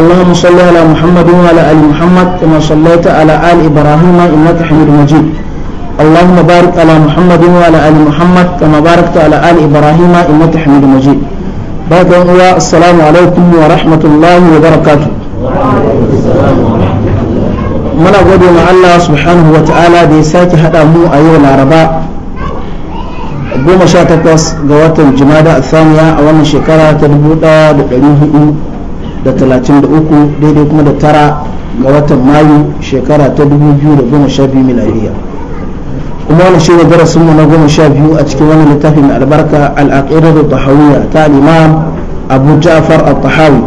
اللهم صل على محمد وعلى آل محمد كما صليت على آل إبراهيم إنك حميد مجيد اللهم بارك على محمد وعلى آل محمد كما باركت على آل إبراهيم إنك حميد مجيد بارك الله السلام عليكم ورحمة الله وبركاته muna gode ma Allah subhanahu wa ta'ala da ya sake haɗa mu a yau laraba goma sha takwas ga watan jimada a saniya a wannan shekara ta dubu ɗaya da ɗari hudu da talatin da uku daidai kuma da tara ga watan mayu shekara ta dubu biyu da goma sha biyu miladiya kuma wani shi ne darasin mu na goma sha biyu a cikin wani littafin albarka al'aqirar da tahawiyya ta imam abu ja'far al-tahawi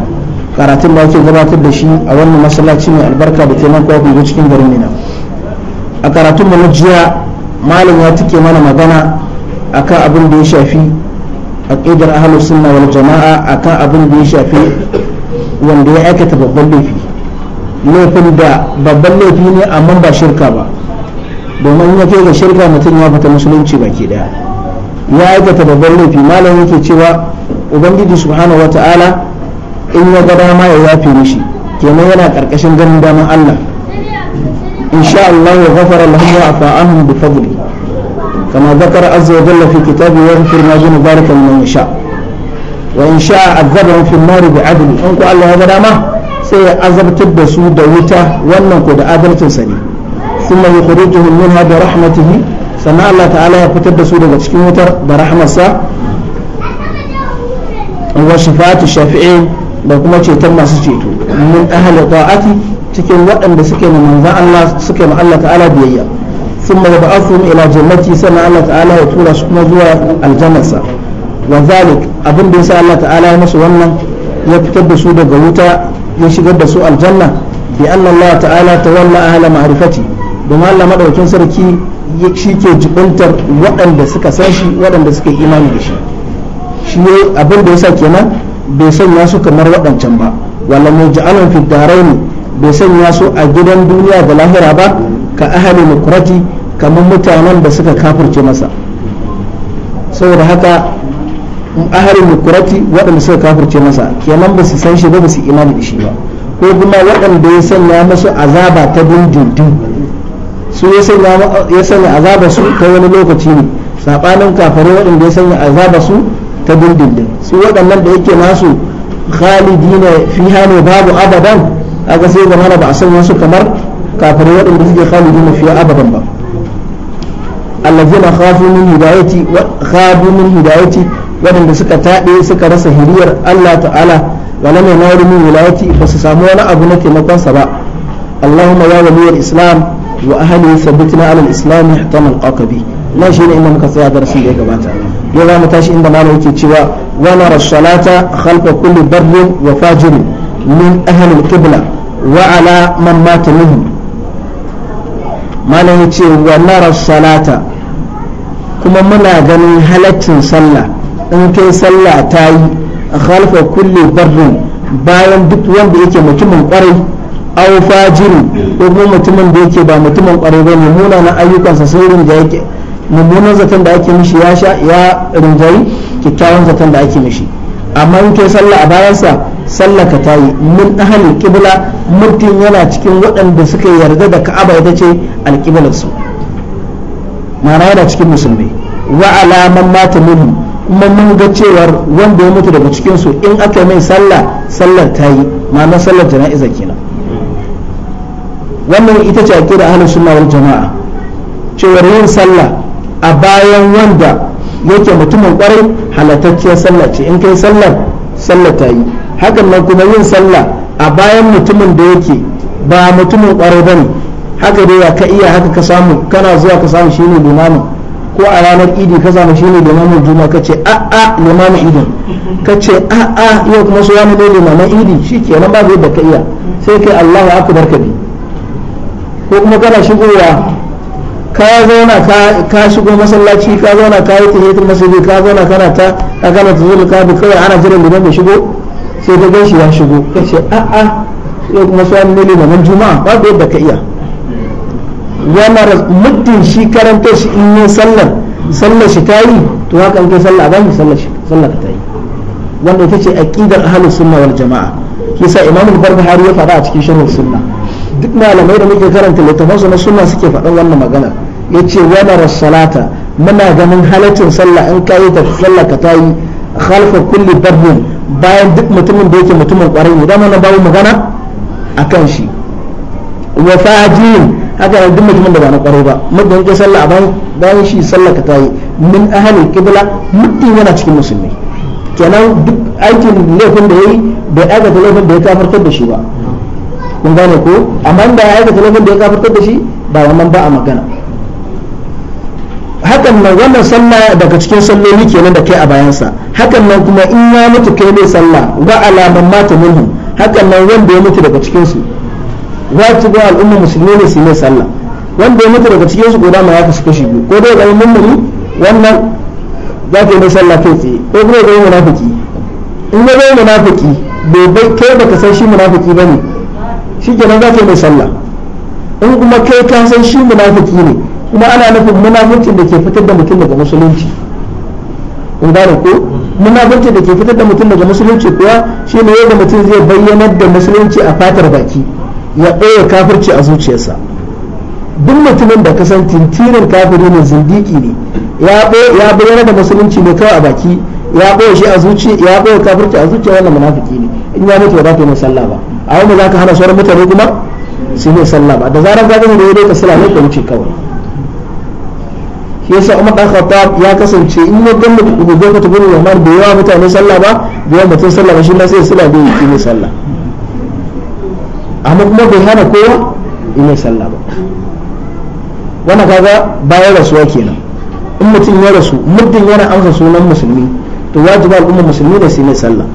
karatun da ake gabatar da shi a wannan masallaci mai albarka da ke nan kwakwun cikin garin nina a karatun da na jiya malam ya tike mana magana akan abin da ya shafi aqidar ahlus sunna wal jama'a akan abin da ya shafi wanda ya aikata babban laifi laifin da babban laifi ne amma ba shirka ba domin ya kai ga shirka mutum ya fita musulunci baki daya ya aikata babban laifi malam yake cewa ubangiji subhanahu wata'ala in ya ga dama ya yafe mishi kenan yana karkashin ganin daman Allah insha Allah ya gafara lahum wa afa anhum bi fadli kama zakara azza wa jalla fi kitabi wa yaghfir ma dun dhalika liman yasha' wani sha azabar fi mari bi adali in ku Allah ya dama sai ya azabtar da su da wuta wannan ko da adalcin sa ne kuma ya kurutu hulmin da rahmatihi sannan Allah ta'ala ya fitar da su daga cikin wutar da rahmarsa wa shifatu shafi'in da kuma ceton masu ceto min ahli ta'ati cikin waɗanda suke ma suke ma Allah ta'ala biyayya sun ma ba'asun ila jannati sannan Allah ta'ala ya tura su kuma zuwa aljannarsa. wa zalik abin da yasa Allah ta'ala ya musu wannan ya fitar da su daga wuta ya shigar da su aljanna bi anna Allah ta'ala tawalla ahla ma'rifati domin Allah madaukin sarki shi ke jibintar waɗanda suka san shi waɗanda suka yi imani da shi shi ne abin da yasa kenan bai sanya su kamar waɗancan ba wala mu ja'alun fi daraini bai sanya su a gidan duniya da lahira ba ka ahli mukrati kamar mutanen da suka kafirce masa saboda haka ahalin mukurati waɗanda suka kafirce masa kenan ba su san shi ba ba su imani da shi ba ko kuma waɗanda ya sanya masu azaba ta dindindin su ya sanya azaba su ta wani lokaci ne saɓanin kafare waɗanda ya sanya azaba su ta dindindin su waɗannan da yake nasu khalidina fiha ne babu abadan aka sai zamana ba a sanya su kamar kafare waɗanda suke khalidina fiha abadan ba الذين خافوا من هدايتي خابوا من هدايتي waɗanda suka taɗe suka rasa hiriyar Allah ta'ala wala mai nawar min wilayati ba su samu wani abu na taimakonsa ba Allahumma ya waliyar Islam wa ahli thabbitina ala al-islam ihtamal aqabi na shine inda muka tsaya darasin da ya gabata yau za mu tashi inda malam yake cewa wa nara salata khalfa kulli barrin wa fajirin min ahli al-qibla wa ala man mata minhum malam yace wa nara salata kuma muna ganin halaccin sallah in kai sallah ta yi khalfa kulle barin bayan duk wanda yake mutumin kwarai au fajiri ko kuma mutumin da yake ba mutumin kwarai ba ne munanan ayyukansa sun rinjaye mummunan zaton da ake mishi ya sha ya rinjayi kyakkyawan zaton da ake mishi amma in kai sallah a bayansa sallah ka tayi min ahli kibla mutum yana cikin waɗanda suka yarda da ka'aba ita ce alqiblatu ma'ana yana cikin musulmi wa alaman mata kuma mun ga cewar wanda ya mutu daga cikin su in aka mai sallah sallar ta yi ma'ana sallar jana'iza kenan wannan ita ce da ahlus sunna wal jama'a cewar yin sallah a bayan wanda yake mutumin kwarai halattacciyar sallah ce in kai sallar sallar ta yi hakan nan kuma yin sallah a bayan mutumin da yake ba mutumin kwarai bane haka dai ya ka iya haka ka samu kana zuwa ka samu shine limamin ko a ranar idi ka samu shine limamin juma'a kace a a limamin idin kace a a yau kuma su wani ne limamin idi shikenan zai da ka iya sai kai Allahu akbar ka bi ko kuma kana shigowa ka zauna ka shigo masallaci ka zauna ka yi tahiyatul masjid ka zauna kana ta ka ta tazul ka bi kawai ana jiran liman da shigo sai ka gaishe ya shigo kace a a yau kuma su wani na limamin juma'a zai da ka iya yana muddin shi karanta shi in yi sallar sallar shi ta yi to haka in kai sallar ba shi sallar shi sallar ta yi wanda ita ce aqidar ahlus sunna wal jamaa kisa imam al-barbahari ya faɗa a cikin sharh sunna duk malamai da muke karanta littafan su na sunna suke faɗan wannan magana yace wa salata muna ganin halaccin sallah in kai ta sallar ka ta yi khalfa kulli barbin bayan duk mutumin da yake mutumin kwarai idan wannan babu magana akan shi wa fajin haka nan duk mutumin da ba na kwarai ba muddin ke sallah a bayan shi sallah ka tayi min ahli kibla muddin yana cikin musulmi kenan duk aikin laifin da yayi bai aika laifin da ya kafartar da shi ba kun gane ko amma da ya aika laifin da ya kafartar da shi ba wannan ba a magana hakan nan wannan sallah daga cikin salloli kenan da kai a bayansa hakan nan kuma in ya mutu kai ne sallah wa alaman mata minhu hakan nan wanda ya mutu daga cikin su wajibin al'umma musulmi ne su mai sallah wanda ya mutu daga cikin su goda ma ya kasu kashi biyu ko dai ga mummuni wannan za ka yi mai sallah kai tsaye ko kuma ga munafiki in ga yin munafiki bai kai ka san shi munafiki ne shi kenan za ka yi mai sallah in kuma kai ka san shi munafiki ne kuma ana nufin munafincin da ke fitar da mutum daga musulunci in gane ko munafincin da ke fitar da mutum daga musulunci kuwa shine yadda mutum zai bayyanar da musulunci a fatar baki ya ɓoye kafirci a zuciyarsa duk mutumin da kasan tintirin kafiri ne zindiki ne ya bayyana da musulunci ne kawai a baki ya ɓoye shi a zuci ya ɓoye kafirci a zuciya wannan munafiki ne in ya mutu ba za ta yi sallah ba a wanda za ka hana sauran mutane kuma su yi sallah ba da zarar ka gani da yadda ka sala ne ka wuce kawai shi yasa Umar dan Khattab ya kasance in ya gamba gobe ka tabbata da yawa mutane sallah ba da yawa mutum sallah ba shi ma sai sallah bai yi ne sallah amma kuma bai hana kowa ina sallah ba wanda kaga bayan rasuwa kenan in mutum ya rasu muddin yana amsa sunan musulmi to wajiba al'umma musulmi da su ne sallah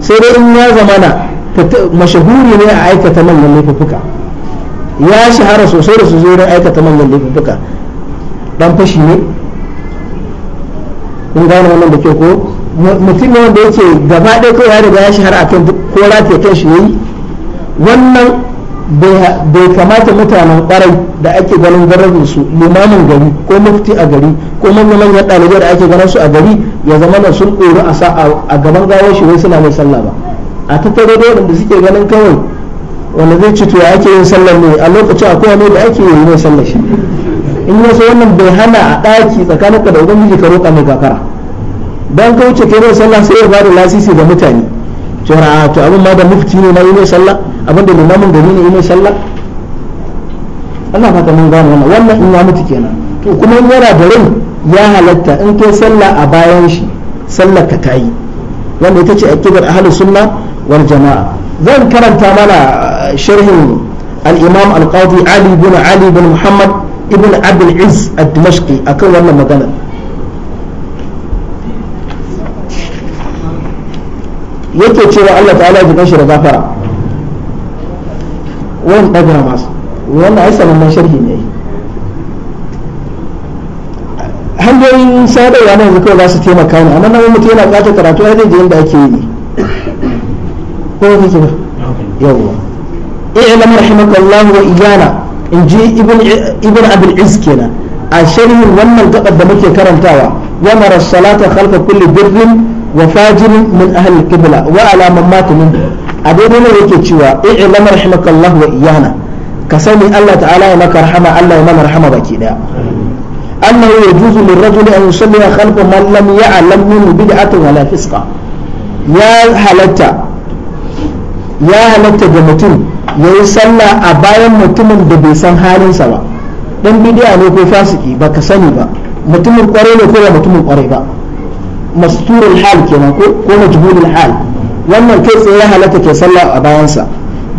sai dai in ya zamana mashahuri ne a aikata manyan laifuka ya shahara sosai da zo don aikata manyan laifuka dan fashi ne kun gane wannan da ke ko mutum ne wanda yake gaba ɗaya kai ya riga ya shahara akan ko rafiya kan shi yayi wannan bai kamata mutanen ƙwarai da ake ganin garin su limamin gari ko mufti a gari ko manyan ɗalibai da ake ganin su a gari ya zama da sun ɗori a gaban gawar shi wai suna mai sallah ba a tattare da suke ganin kawai wanda zai ci to ake yin sallar ne a lokaci akwai ne da ake yi mai sallar shi in yaso wannan bai hana a ɗaki tsakanin ka da ubangiji ka roƙa mai kakara don ka wuce mai sallah sai ya bada lasisi ga mutane to abin ma da mufti ne na yi mai sallah abinda limamin gari ne mai sallah Allah fata mun gane wannan wannan in ya mutu kenan to kuma in yana da rai ya halatta in kai sallah a bayan shi sallar ka tayi wanda ita ce aqidar ahlus sunna wal jamaa zan karanta mana uh, sharhin al-imam al-qadi ali ibn ali ibn muhammad ibn abd al-izz ad-dimashqi akan wannan magana yake cewa Allah ta'ala ya ji gafara wani ɗaga masu wannan ai sanannen sharhi ne hanyoyin sadarwa na yanzu kawai za su taimaka ne amma nan mutum yana buƙatar karatu ya zai je inda ake yi ko kake ba yawwa i'lam rahimakallahu wa iyana in ji ibn ibn abul iz kenan a sharhin wannan gabar da muke karantawa wa mara salata khalfa kulli birrin wa fajirin min ahli qibla wa ala man mata minhu a daidai ne yake cewa i'lam rahmakallah wa iyana ka sani Allah ta'ala ya maka rahama Allah ya maka rahama baki daya annahu yajuzu rajuli an yusalli khalfa man lam ya'lam min bid'atin wala fisqa ya halatta ya halatta ga mutum yayi sallah a bayan mutumin da bai san halinsa ba dan bidiya ne ko fasiki ba ka sani ba mutumin kware ne ko mutumin kware ba masturul hal kenan ko ko majhulul hal wannan kai tsaye ya halatta ke sallah a bayansa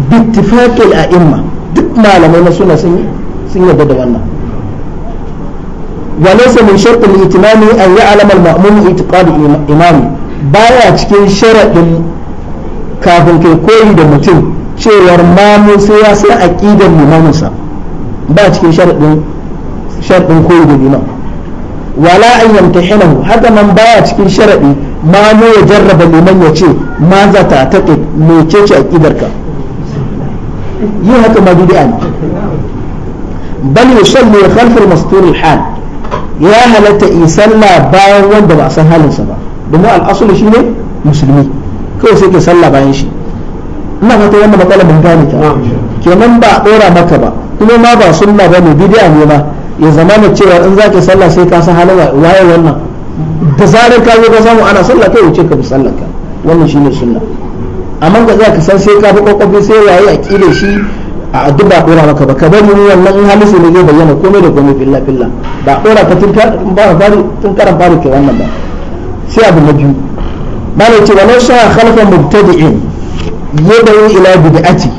bittifaqil a'imma duk malamai na suna sun sun yarda da wannan wa laysa min shart al-itimami an ya'lam al-ma'mum i'tiqad imam baya cikin sharadin kafin kai koyi da mutum cewar mamu sai ya san aqidar limaminsa ba cikin sharadin sharadin koyi da imam wala an yamtahinahu haka man baya cikin sharadin ma ne ya jarraba liman ya ce ma za ta taƙi mece ce aƙidarka yi haka ma bid'a ne bal ya yusalli khalfal mastur al hal ya halatta in sallah bayan wanda ba san halinsa ba domin al'asulu shi ne musulmi kawai sai ke sallah bayan shi ina fata wanda matsala mun gane ta kenan ba a ɗora maka ba kuma ma ba sunna ba ne bid'a ne ma ya zama cewa in za ke sallah sai ka san halin waye wannan da zarar ka zo ka samu ana sallah kai wuce ka bi sallah ka wannan ne sunna amma ga za ka san sai ka bi kokofi sai waye a kile shi a duk ba dora maka ba ka bari ni wannan halisu ne zai bayyana komai da komai billah billah ba dora ka tun ba fari tun karan fari ke wannan ba sai abu na biyu malai ce walau sha khalfa mubtadi'in yadawi ila bid'ati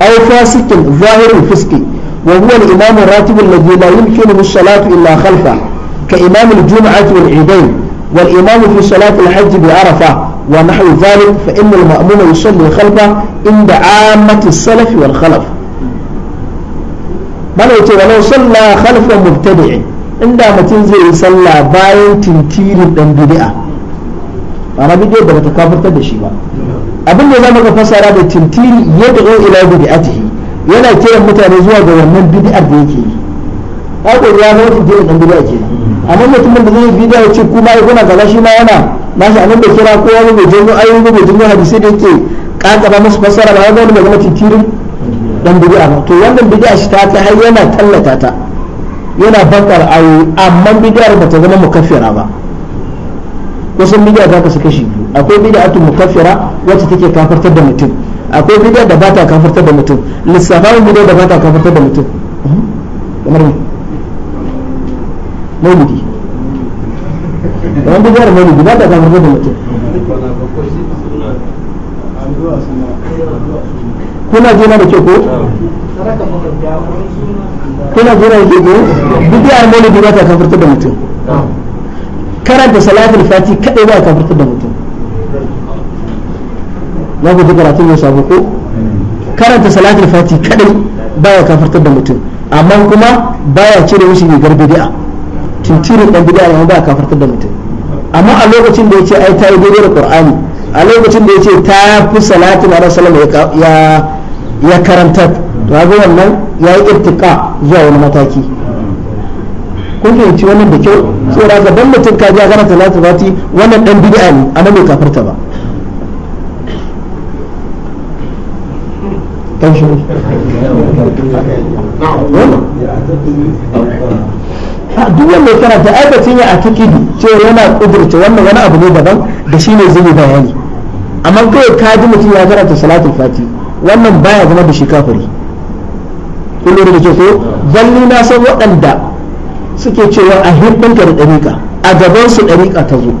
aw fasikin zahirul fiski wa huwa al-imam ratibul ladhi la yumkinu as-salatu illa khalfahu كإمام الجمعة والعيدين والإمام في صلاة الحج بعرفة ونحو ذلك فإن المأمون يصلي خلفه عند عامة السلف والخلف ملوك ولو صلى خلف مبتدع عند متن زي صلى باين تنتير الدنبدئة أنا بدي أبغى تكافر تدشي abin da za mu ga fasara da tintiri ya da'o ila bid'atihi yana kiran mutane zuwa ga wannan bid'ar da yake yi. Akwai ya zo su je da bid'a kenan. amma mutumin da zai yi bidiyo ya ce kuma ya kuna kaza shi ma yana shi anan da kira ko wani mai jirgin ayoyi mai jirgin hadisi da yake kakaba musu fassara ba wani magana titirin dan bid'a ba to wannan bid'a shi ta har yana tallata ta yana bakar ayoyi amma bid'ar ba ta zama mukaffira ba kusan bid'a za ka su kashi biyu akwai bid'atu mukaffira wacce take kafartar da mutum akwai bid'a da ba ta kafartar da mutum lissafin bid'a da ba ta kafartar da mutum kamar ne maulidi da wanda gyara maulidi ba ta kamar da mutum kuna jina da kyau ko kuna jina da kyau duk da maulidi ba ta kamar da mutum karanta salatul fati kadai ba ta kamar da mutum za ku ji karatun ya sabu ko karanta salatul fati kadai baya kafartar da mutum amma kuma baya cire mishi rigar bid'a cire dan bid'a ne ba kafartar da mutum amma a lokacin da yace ai ta yi daidai da qur'ani a lokacin da yace ta fi salatu na rasulullahi ya ya karanta to ga wannan ya yi irtiqa zuwa wani mataki kun fahimci wannan da kyau da ga dan mutum ka ga karanta salatu fati wannan dan bid'a ne amma bai kafarta ba duk wanda ya karanta aikacin ya a tukidu cewa yana kudurce wannan wani abu ne daban da shi ne zai bayani amma kawai ka ji mutum ya karanta salatul fati wannan baya zama da shi kafiri kun lura da ko zalli na san waɗanda suke cewa a hirdinka da ɗariƙa a gaban su ɗariƙa ta zo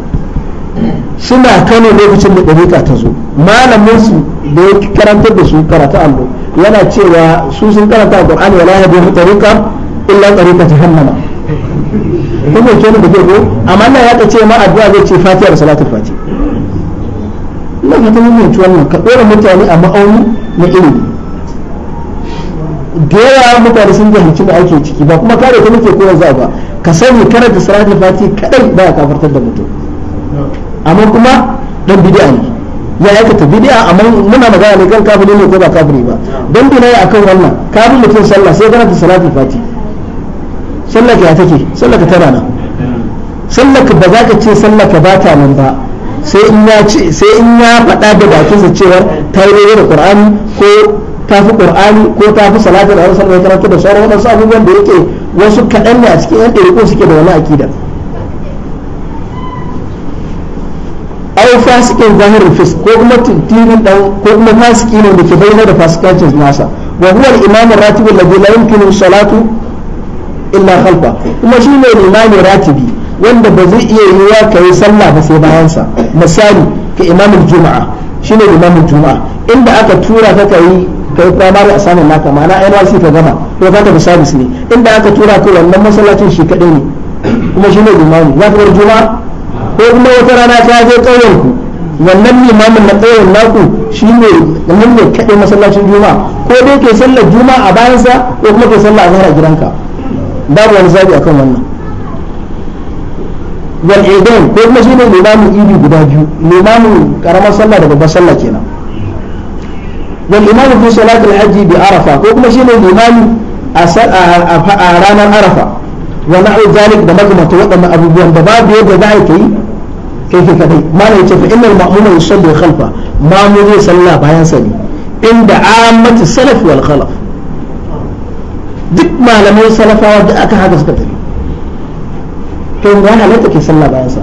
suna kano lokacin da ɗariƙa ta zo malamin su da ya karantar da su karatu allo yana cewa su sun karanta ƙur'ani wala yahdi ɗariƙa illa ta jahannama ko ke ni da ke ko amma Allah ya ce ma addu'a zai ce fatiha da salatul fati Allah ya ta mun wannan ka dora mutane a ma'auni na ilimi da yawa mutane sun fahimci da ake ciki ba kuma kare ta nake koyar za ba ka sani karanta salatul fati kadai ba ka kafartar da mutum amma kuma dan bid'a ne ya ta bid'a amma muna magana ne kan kafiri ne ko ba kafiri ba dan bid'a akan wannan kafin mutum sallah sai karanta salatul fati sallaka ya take sallaka tana nan sallaka ba za ka ce sallaka ba ta nan ba sai in ya faɗa da bakinsa cewa ta yi da qur'ani ko ta fi qur'ani ko ta fi salatin da rasul ya karanta da sauran wadansu abubuwan da yake wasu kaɗan ne a cikin yan ɗariƙo suke da wani akida ai fasikin zahir fis ko kuma tilin dan ko kuma fasiki ne da ke bayyana da fasikancin nasa wa huwa al-imam ratibul ladhi la yumkinu salatu illa khalfa kuma shi ne limami ratibi wanda ba zai iya yiwa ka yi sallah ba sai bayansa misali ka imamin juma'a shine imamin juma'a inda aka tura ka kai kai primary assignment naka ma'ana NYC ka gama ko ka tafi service ne inda aka tura ka wannan masallacin shi kadai ne kuma shi ne limami za ka bar juma'a ko kuma wata rana ka je ƙauyen ku wannan limamin na ƙauyen naku shine wannan ne kadai masallacin juma'a ko dai ke sallar juma'a a bayansa ko kuma ke sallah a gidanka babu wani zabi akan wannan wal idan ko kuma shine limamin idi guda biyu limamin karamar sallah da babbar sallah kenan wal imamu fi salati al hajji bi arafa ko kuma shine limamin a ranar arafa wa na'u zalik da makamata waɗannan abubuwan da babu yadda za a yi kai kai kadai mana yace fa innal ma'muma yusalli khalfa ma'mum zai salla bayan sani inda ammatu salaf wal khalaf duk malamai salafawa da aka haka suka tafi to ya halatta ke sallah bayan sa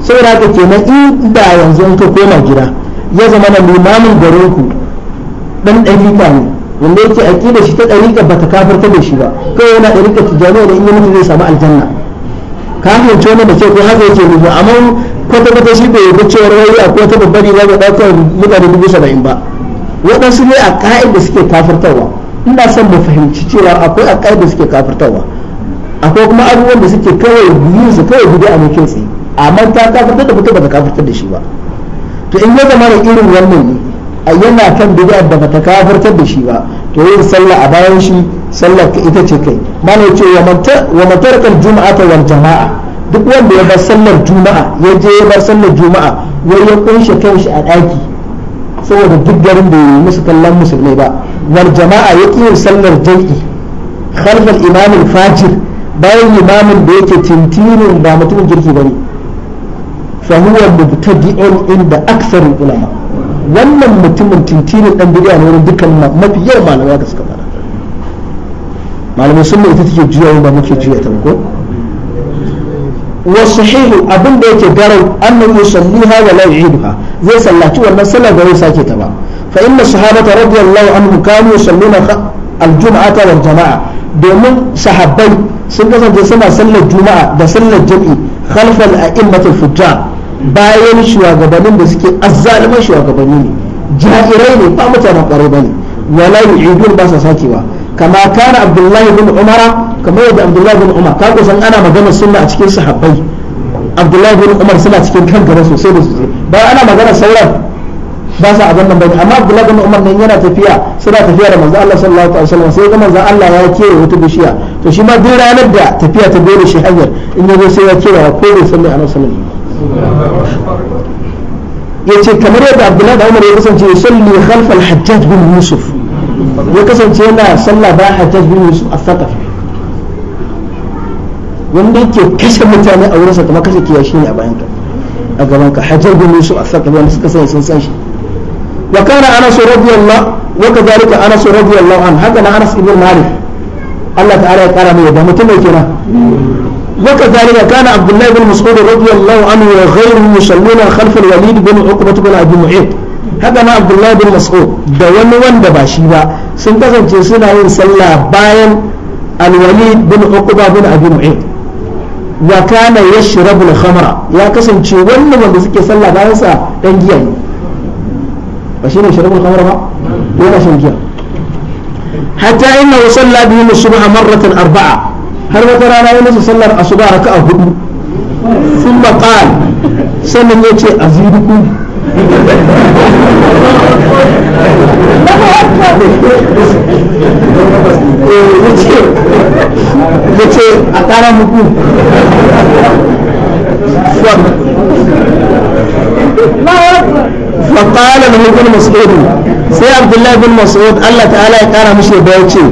saboda haka kenan in da yanzu in ka koma gida ya zama na limamin garin ku dan dalika ne wanda yake aqida shi ta ba bata kafirta da shi ba kai yana dalika tijaniya da in mutum zai samu aljanna kafin tona da ke ko haka yake nufi amma kwata kwata shi bai yarda cewar wai a kwata babbar riga da ɗaukar mutane dubu saba'in ba waɗansu ne a ka'id da suke kafirtarwa ina son mu fahimci cewa akwai akai da suke kafirtawa akwai kuma abubuwan da suke kawai yin su kawai gudu a mukin tsaye amma ta kafirtar da mutum ba ta kafirtar da shi ba to in ya zama da irin wannan ne yana kan bid'a da ba ta kafirtar da shi ba to yin sallah a bayan shi sallar ka ita ce kai mana ce wa matarkar juma'a ta wal jama'a duk wanda ya bar sallar juma'a ya je ya bar sallar juma'a wai ya kunshe kanshi a ɗaki saboda duk garin da ya yi musu kallon musulmai ba wal jama'a ya ƙi sallar jirgi, khalfal imamin fajir bayan imamin da yake tintirin ba mutumin girki bane fa huwa inda wannan mutumin tintirin dan bid'a ne wurin dukkan mafi yawan malamai da suka fara malamai sun ita take juya ba muke juya ta ko wa sahihu abin da yake garau annahu yusalliha wa la yu'iduha zai sallaci wannan sallar ba zai sake ta ba فإن الصحابة رضي الله عنهم كانوا يصلون الجمعة والجماعة domin sahabbai sun kasance suna sallar juma'a da sallar jam'i khalfal a'immatul fujjar bayan shugabannin da suke azzaliman shugabanni ne ja'irai ne ba mutanen kwarai bane wala yu'idun ba sa sakewa kama kana abdullahi bin umara kamar yadda abdullahi bin umar ka kusan ana magana sunna a cikin sahabbai abdullahi bin umar suna cikin kan gaba sosai da sosai ba ana magana sauran ba sa abin nan bane amma Abdullahi bin Umar nan yana tafiya suna tafiya da manzo Allah sallallahu alaihi wasallam sai ga manzo Allah ya kere wata bishiya to shi ma duk ranar da tafiya ta dole shi hanyar in yazo sai ya kere ya kore sallallahu alaihi wasallam yace kamar yadda Abdullahi bin Umar ya kasance ya salli khalf al-Hajjaj bin Yusuf ya kasance yana sallah ba Hajjaj bin Yusuf a thaqafi wanda yake kashe mutane a wurinsa kuma kashe kiyashi ne a bayan ka a gaban ka Hajjaj bin Yusuf a thaqafi wanda suka sani sun san shi وكان أنس رضي الله وكذلك أنس رضي الله عنه هذا أنس بن مالك الله تعالى قال له ده متمكنه وكذلك كان عبد الله بن مسعود رضي الله عنه وغيره يصلون خلف الوليد بن عقبة بن أبي معيط هذا ما عبد الله بن مسعود ده وني وند باشي با sun kasance suna yin sallah bayan alwalid bin uqba bin abi mu'ayd wa kana yashrabu al-khamra ya kasance wannan wanda suke sallah bayan sa dan giya ne ba shine shirbul khamr ba ko yana shan giya hatta inna wasalla bihi subha marratan arba'a har wata rana yana su sallar asuba a hudu sun qala sannan ya yace azidukum eh, ya ce a ƙara muku swag فقال له ابن مسعود sai عبد الله بن Allah ta'ala ya kara مش بيتي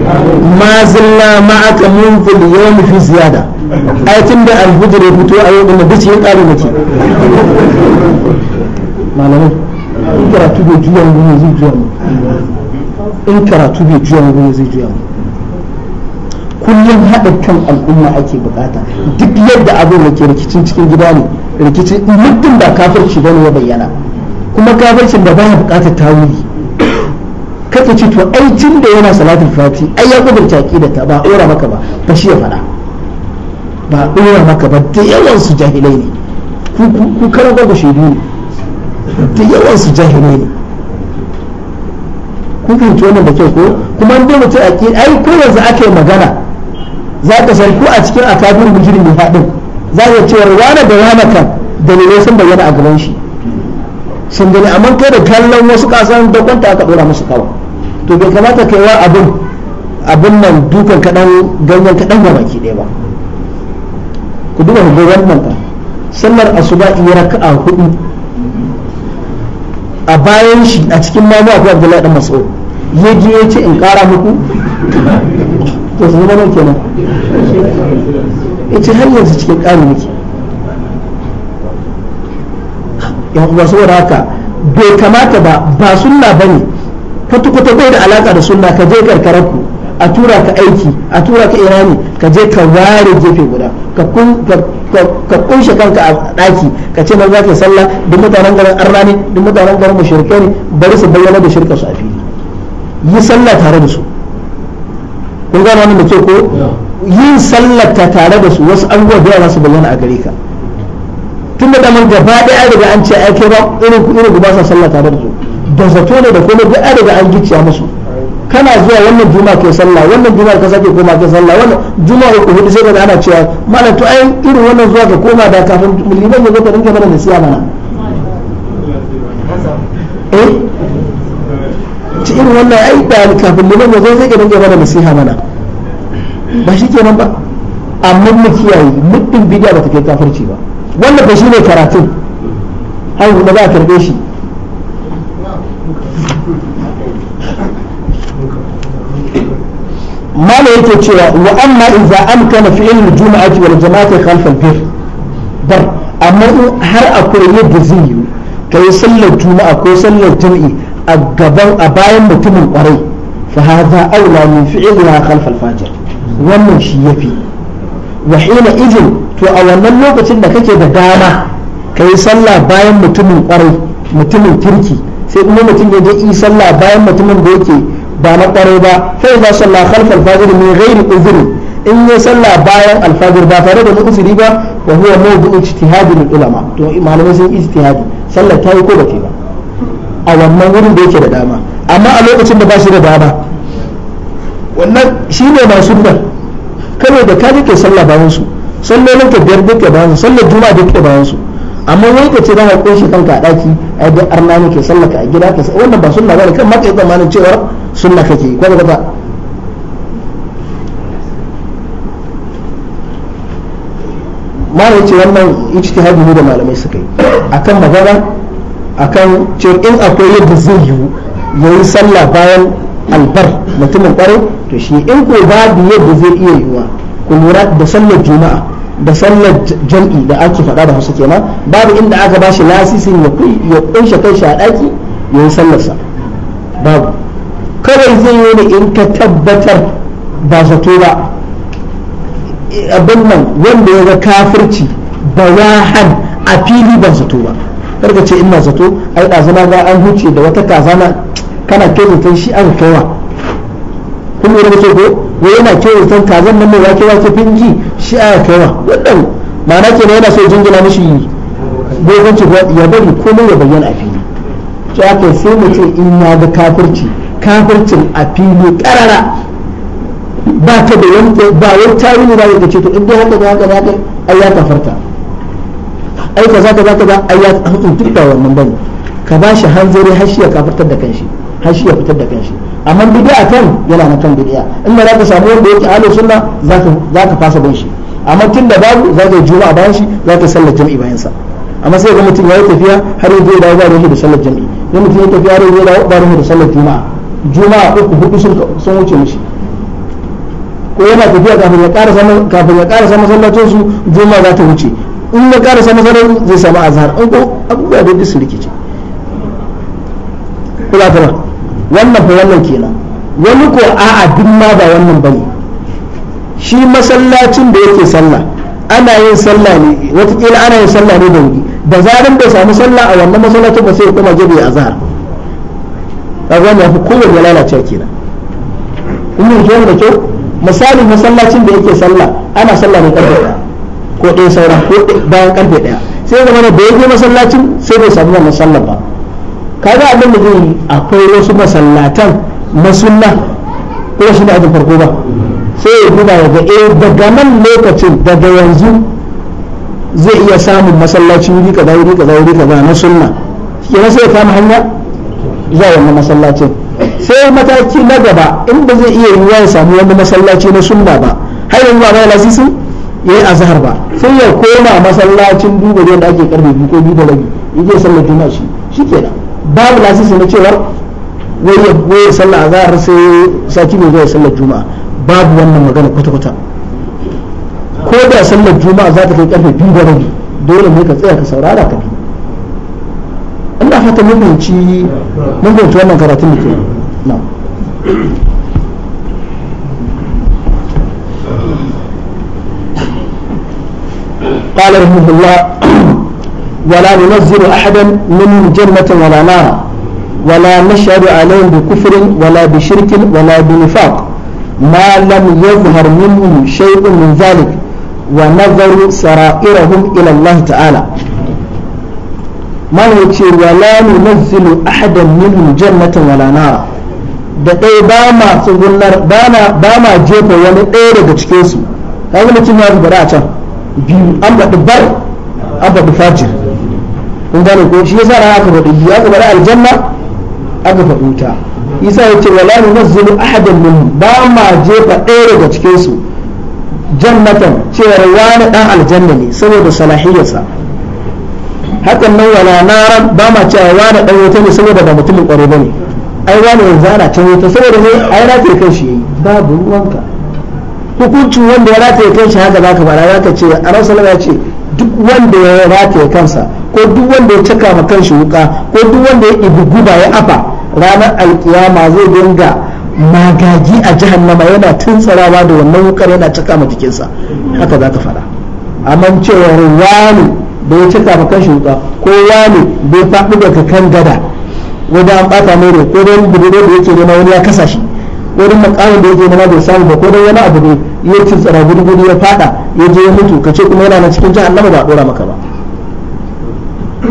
ما زلنا معك ma'aka mun fil yawm fi ziyada ai tunda al fito a yau da bici ya kare miki malamai in karatu bai juya mu zai juya kullum haɗa kan al'umma ake bukata duk yadda abin da ke rikicin cikin gida ne rikicin muddin ba kafirci ne ya bayyana kuma kafircin da baya buƙatar tawuri kake ce to ai tun da yana salatul fati ai ya taki da ta ba dora maka ba ba shi ya fada ba dora maka ba da yawan su jahilai ne ku ku kara ga shaidu ne da yawan su jahilai ne ku fahimci wannan da kyau ko kuma an dai a ke, ai ko yanzu aka yi magana za ka san ko a cikin akabirin bujirin ne hadin za ka cewa wani da wani kan dalilai sun bayyana a gaban shi sun gani amma kai da kallon wasu kasan da kwanta aka dora musu kawa to bai kamata kai wa abin abin nan dukan kadan ganyen kadan ga baki daya ba ku duba hudu wannan ta sallar asuba iya raka'a hudu a bayan shi a cikin mamu akwai abdullahi dan mas'ud ya je ya ce in kara muku to su zama kenan ya ce har yanzu cikin ƙari muke yan uwa saboda haka bai kamata ba ba sunna bane kwata-kwata bai da alaka da sunna ka je karkarar ku a tura ka aiki a tura ka irani ka je ka ware gefe guda ka kunshe kanka a daki ka ce nan za ka sallah duk mutanen garin arna ne duk mutanen garin mashirka ne bari su bayyana da shirka su a fili yi sallah tare da su kun gano wani da ko yin sallah tare da su wasu abubuwa da yawa su bayyana a gare ka tun da daman gaba ɗaya an riga an ce ai kai ba irin irin ba sa sallah tare da su da zato ne da kuma duk an riga an gicciya musu kana zuwa wannan juma'a ke sallah wannan juma'a ka sake koma ke sallah wannan juma'a uku hudu sai da ana cewa malam to ai irin wannan zuwa ka koma da kafin liman ya zo ka rinke mana nasiya mana eh ci irin wannan ai da kafin liman ya zo sai ka rinke mana nasiha mana ba shi kenan ba amma mu kiyaye muddin bidiya ba ta kai kafirci ba wannan ba shi ne karatun haihu da za a karbe shi mana yake cewa wa amma idza amkana fi ilmi juma'ati wal jama'ati khalf al bir bar amma har akwai yadda zai yi yi sallar juma'a ko sallar jami'i a gaban a bayan mutumin kwarai fa hadha aula min fi'liha khalf al fajr wannan shi yafi wa hina idin to a wannan lokacin da kake da dama ka yi sallah bayan mutumin kwarai mutumin kirki sai kuma mutum ya je yi sallah bayan mutumin da yake ba na kwarai ba sai za salla khalfa al-fajr min ghairi in ya sallah bayan alfajir ba tare da uzuri ba wa huwa mawdu'u ijtihadin ulama to malamai sun ijtihadi sallar ta yi ko ba ba a wannan wurin da yake da dama amma a lokacin da ba shi da dama wannan shine masu nan kawai da kaji ke sallah bayan su sallolin ka biyar duk bayan su sallar juma'a duk bayan su amma wai ka ce za ka kunshi kanka a daki a da arna ne ke sallaka a gida ka wannan ba sunna bane kan yi tsammanin cewa sunna kake ko ba ba malam ce wannan ijtihadi ne da malamai suka yi akan magana akan ce in akwai yadda zai yiwu yayi sallah bayan albar mutumin kwarai to shi in ko babu yadda zai iya yiwuwa ku lura da sallar juma'a da sallar jam'i da ake faɗa da hausa kenan babu inda aka ba shi lasisin ya kai, kunshe kai shi a ɗaki ya yi sallarsa babu kawai zai yi ne in ka tabbatar ba zato ba abin nan wanda ya ga kafirci bawahan a fili ba zato ba karka ce in ina zato ai ɗazuna ga an huce da wata kazana kana kai zaton shi an kaiwa kuma yana ce ko ko yana kyau san kazan nan mai wake wake finji shi a kawa wannan ma'ana na yana so jingina mishi gobanci ya bari komai ya bayyana a fili to aka sai mace in ya ga kafirci kafircin a fili karara ba ta da yanke ba wani tarihi ba yake ce to in dai haka da haka da haka ai ya kafarta ai ka zaka zaka ba ai ya duk da wannan bane ka ba shi hanzari hashi shi ya kafartar da kanshi hashi ya fitar da kanshi amma bid'a kan yana na kan bid'a inda za ka samu wanda yake ahlus sunna za ka fasa bin shi amma tun da babu za ka juma'a bayan shi za ka sallar jami'i bayan sa amma sai ga mutum ya tafiya har yanzu ya dawo ba ruhi da sallar jami'i ya mutum ya tafiya har yanzu dawo ba ruhi da sallar juma'a juma'a uku hudu sun wuce mishi ko yana tafiya kafin ya ƙara sama kafin ya ƙara sama su juma'a za ta wuce in ya ƙara sama sallacin zai samu azhar in ko abubuwa da su rikice. Ina wannan fa wannan kenan wani ko a'a duk ma ba wannan bane shi masallacin da yake sallah ana yin sallah ne watakila ana yin sallah ne da wuri da zarin bai samu sallah a wannan masallacin ba sai ya koma jabe a zahar ga ya fi kowanne lalace kenan kun yi da kyau misali masallacin da yake sallah ana sallah ne karfe daya ko ɗaya saura ko bayan karfe daya sai zama da ya je masallacin sai bai samu wannan sallah ba kaga abin da zai yi akwai wasu masallatan masunna ko shi da farko ba sai ya duba ya ga eh daga nan lokacin daga yanzu zai iya samun masallaci wuri ka kaza wuri kaza wuri kaza na sunna yana sai ya kama hanya zuwa wannan masallacin sai mataki na gaba in ba zai iya yiwuwa ya samu wani masallaci na sunna ba har yanzu ba mai lasisi ya yi azhar ba sai ya koma masallacin duba da ake karfe biyu ko biyu da rabi ya je sallar juma'a shi shi kenan. babu lasisi na cewar waye waye sallah a zahar sai sati mai zuwa sallar juma'a babu wannan magana kwata-kwata ko da sallar juma'a za ta kai karfe biyu da rabi dole ne ka tsaya ka saurara ka bi Allah fata mun wannan karatun da ke na قال رحمه الله ولا ننزل أحدا منهم جنة ولا نارا ولا نشهد عليهم بكفر ولا بشرك ولا بنفاق ما لم يظهر منهم شيء من ذلك ونظروا سرائرهم إلى الله تعالى ما يقول ولا ننزل أحدا منهم جنة ولا نارا da ɗaya ba ma tsugunar ba ma jefa wani ɗaya daga cikinsu kaga mutum ya zubara a can biyu an baɗi bar an baɗi fajir kun gane ko shi yasa aka faɗi biyu aka faɗi aljanna aka faɗi wuta isa ya ce wala nunazzilu ahadan minhum ba ma jefa ɗaya daga cikin su jannatan cewa wani dan aljanna ne saboda salahiyarsa hakan nan wala naran ba ma cewa wani dan wuta ne saboda ba mutumin ƙware bane ai wani yanzu ana can wuta saboda ne ai rataye kan shi yayi babu ruwanka hukuncin wanda ya rataye kan shi haka zaka bara zaka ce a rasulullah ya ce duk wanda ya rataye kansa ko duk wanda ya cika ma kanshi wuka ko duk wanda ya ibi guba ya afa ranar alkiyama zai dinga magaji a jahannama yana tuntsarawa da wannan wukar yana cika ma jikinsa haka za ka fara amma cewa wani da ya cika ma kanshi wuka ko wani da faɗi daga kan gada wajen an ɓata mai ko don da yake nema wani ya kasa shi wurin makamin da yake nema bai samu ba ko dai wani abu ne ya ci tsara gurguri ya fada ya je ya mutu ka ce kuma yana nan cikin jahannama ba a dora maka ba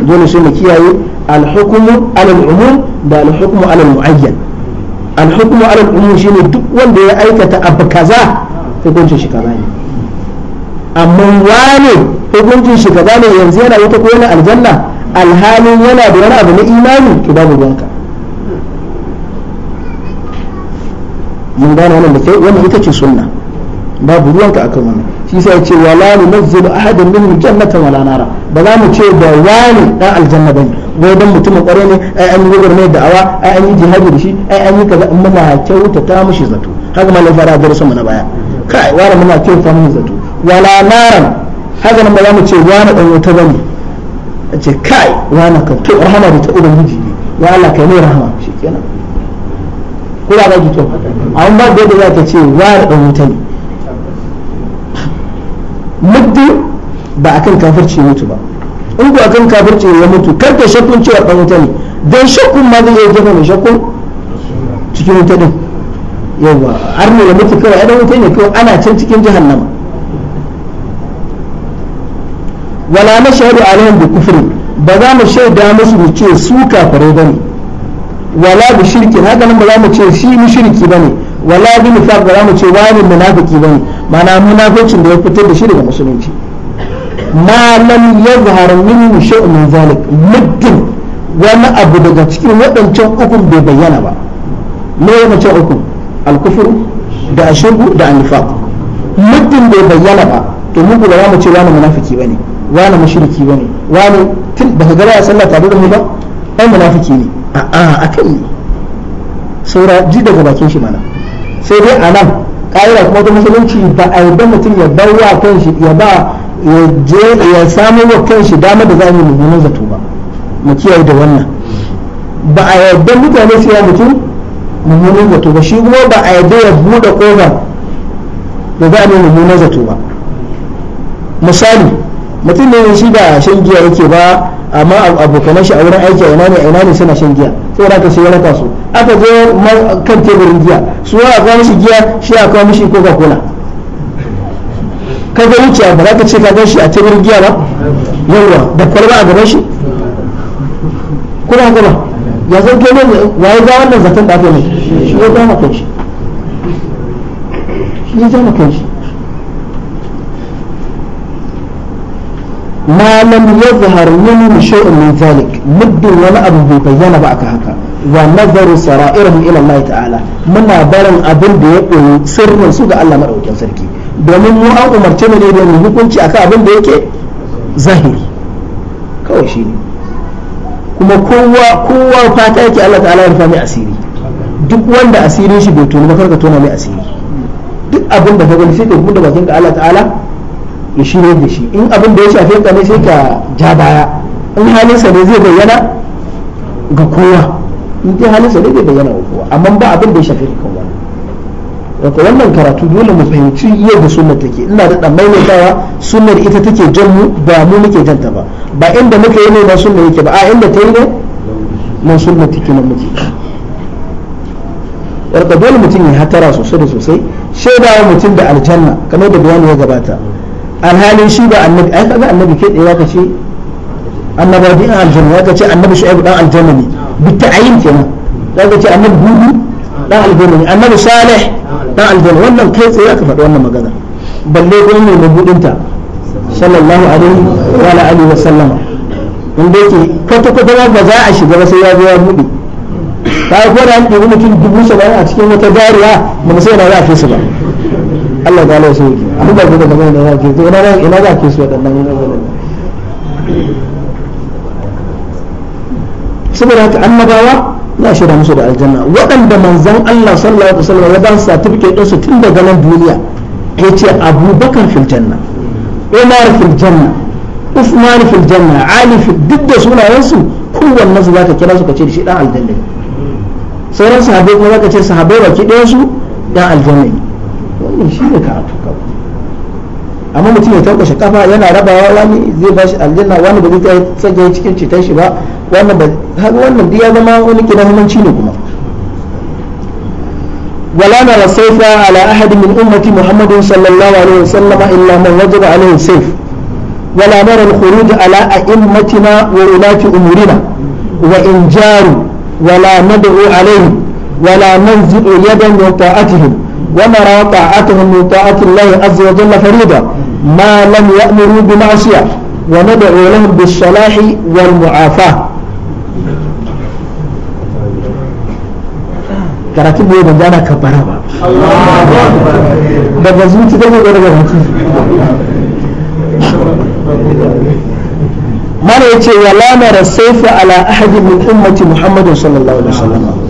dole shi mu kiyaye al alal al-umum da al alal muayyan al alal al-umum shine duk wanda ya aikata abu kaza hukuncin shi kaza ne amma wane hukuncin shi kaza ne yanzu yana wuta ko yana aljanna alhalin yana da wani abu na imani to babu ruwanka mun gane wannan da kai wannan ita ce sunna babu ruwanka akan wannan shi sai ce wala nunzilu ahadan min jannata wala nara ba za mu ce da wani da aljanna bane wai dan mutum kware ne ai an yi da da'awa ai an yi jihadi da shi ai an yi kaza muna kyauta ta mushi zato haka malam fara da rasu na baya kai wani muna kyauta mushi zato wala nara haka nan ba za mu ce wani dan wuta bane a ce kai wani ka to rahama da ta ubangiji ne ya Allah kai ne rahama shikenan ko da baki kyau amma ba da za ka ce wayar ɗan wuta ne muddin ba akan kafirci ya mutu ba in ko akan kafirci ya mutu kar ka shakkun cewa dan wuta ne dan shakkun ma zai iya jefa mai shakkun cikin wuta din yawa har ne ya mutu kawai dan wuta ne kawai ana can cikin jahannama wala na shaidu alaihim bi kufri ba za mu shaida musu mu ce su kafirai bane wala bi shirki haka nan ba za mu ce shi mu shirki bane wala bi nifaq ba za mu ce wani munafiki bane mana munafikin da ya fitar da shi daga musulunci ma lam yazhar min shay'in min zalik muddin wani abu daga cikin waɗancan ukun bai bayyana ba me ya mace ukun al-kufr da ashirku da an-nifaq muddin bai bayyana ba to mun ba za mu ce wani munafiki bane wani mushriki bane wani tun baka ga ya sallah tare da mu ba ai munafiki ne a'a a kan ne saura ji daga bakin shi mana sai dai a nan ƙa'ida kuma ta musulunci ba a yarda mutum ya bar wa kan shi ya ba ya je ya samu wa kan shi dama da za mu mummunan zato ba mu kiyaye da wannan ba a yarda mutane su ya mutum mummunan zato ba shi kuma ba a yarda ya buɗe ƙofar da za mu mummunan zato ba misali mutum ne shi da shan giya yake ba amma abokanan shi a wurin aiki ina ne ina ne suna shan giya da haka sai wani raka aka je kan teburin giya su ya kawo mishi giya shi ya kawo mishi coca cola ka ga wuce ba za ka ce ka gan shi a teburin giya ba yawa da kwalba a gaban shi kuma haka ba ya san ke ne waye ga wannan zaton da aka ne shi ya gama kanshi shi ya gama kanshi ما لم يظهر منهم شيء من ذلك مد ولا أبو بيان بعك هكا ونظر سرائرهم إلى الله تعالى منا برن أبن بيقول سر سوى الله مرء سركي domin mu an umarce mu ne da mu hukunci akan abin da yake zahiri kawai shi ne kuma kowa kowa fata yake Allah ta'ala ya rufa mai asiri duk wanda asirin shi bai tonu ba karka tona mai asiri duk abin da ka gani sai ka bakin ka Allah ta'ala ya shirya da shi in abin da ya shafi ka ne sai ka ja baya in halinsa ne zai bayyana ga kowa in dai halinsa ne zai bayyana ga kowa amma ba abin da ya shafi ka wani wato wannan karatu dole mu fahimci yadda sunnar take ina da dan maimaitawa sunnar ita take jan mu ba mu muke janta ba ba inda muka yi ne ba sunnar yake ba a inda ta yi ne na sunnar take nan muke yarka dole mutum ya hatara sosai da sosai shaidawa mutum da aljanna kamar da bayani ya gabata alhalin shi ba annabi ai kaga annabi ke tsaye ka ce annabawa din aljanna ka ce annabi shu'aib dan aljanna ne bi ta'yin kenan ka ce annabi hudu dan aljanna ne annabi salih dan aljanna wannan kai tsaye ka faɗi wannan magana balle ko ne mabudin ta sallallahu alaihi wa alihi wa sallama wanda yake kwata kwata ba za a shiga ba sai ya zo ya bude ta ko da an ɗebi mutum dubu saba'in a cikin wata dariya ba mu sai na za a fesa ba Allah ta laisa yake abu ba da kamar da zaki to ina ina za ke su wadannan ina wadannan saboda haka annabawa ya shirya musu da aljanna waɗanda manzan Allah sallallahu alaihi wasallam ya ba su certificate ɗinsu tun daga nan duniya ya ce abubakar fil janna umar fil janna usman fil janna ali fil duk da sunayensu kowanne su zaka kira su ka ce da shi dan aljanna sauran sahabbai kuma ka ce sahabbai baki ɗayan su dan aljanna shi ne karatu amma mutum ya tankwashe kafa yana rabawa wani zai bashi aljanna wani ba zai sanya cikin ceton shi ba wannan ba har wannan duk ya zama wani kidan hukunci ne kuma ولا نرى السيف min ummati من أمة محمد صلى الله عليه وسلم إلا من da عليه السيف ولا نرى الخروج wa أئمتنا وولاة أمورنا وإن جاروا wala ندعو عليهم ولا ننزع يدا من طاعتهم ومرى طاعتهم من طاعة الله عز وجل فريضة ما لم يأمروا بمعصية وندعو لهم بالصلاح والمعافاة karatun bai ban gana ka bara ba daga zuci da zai daga mutu mana ya ce wala mara ala ahadin min ummati muhammadin sallallahu alaihi wasallam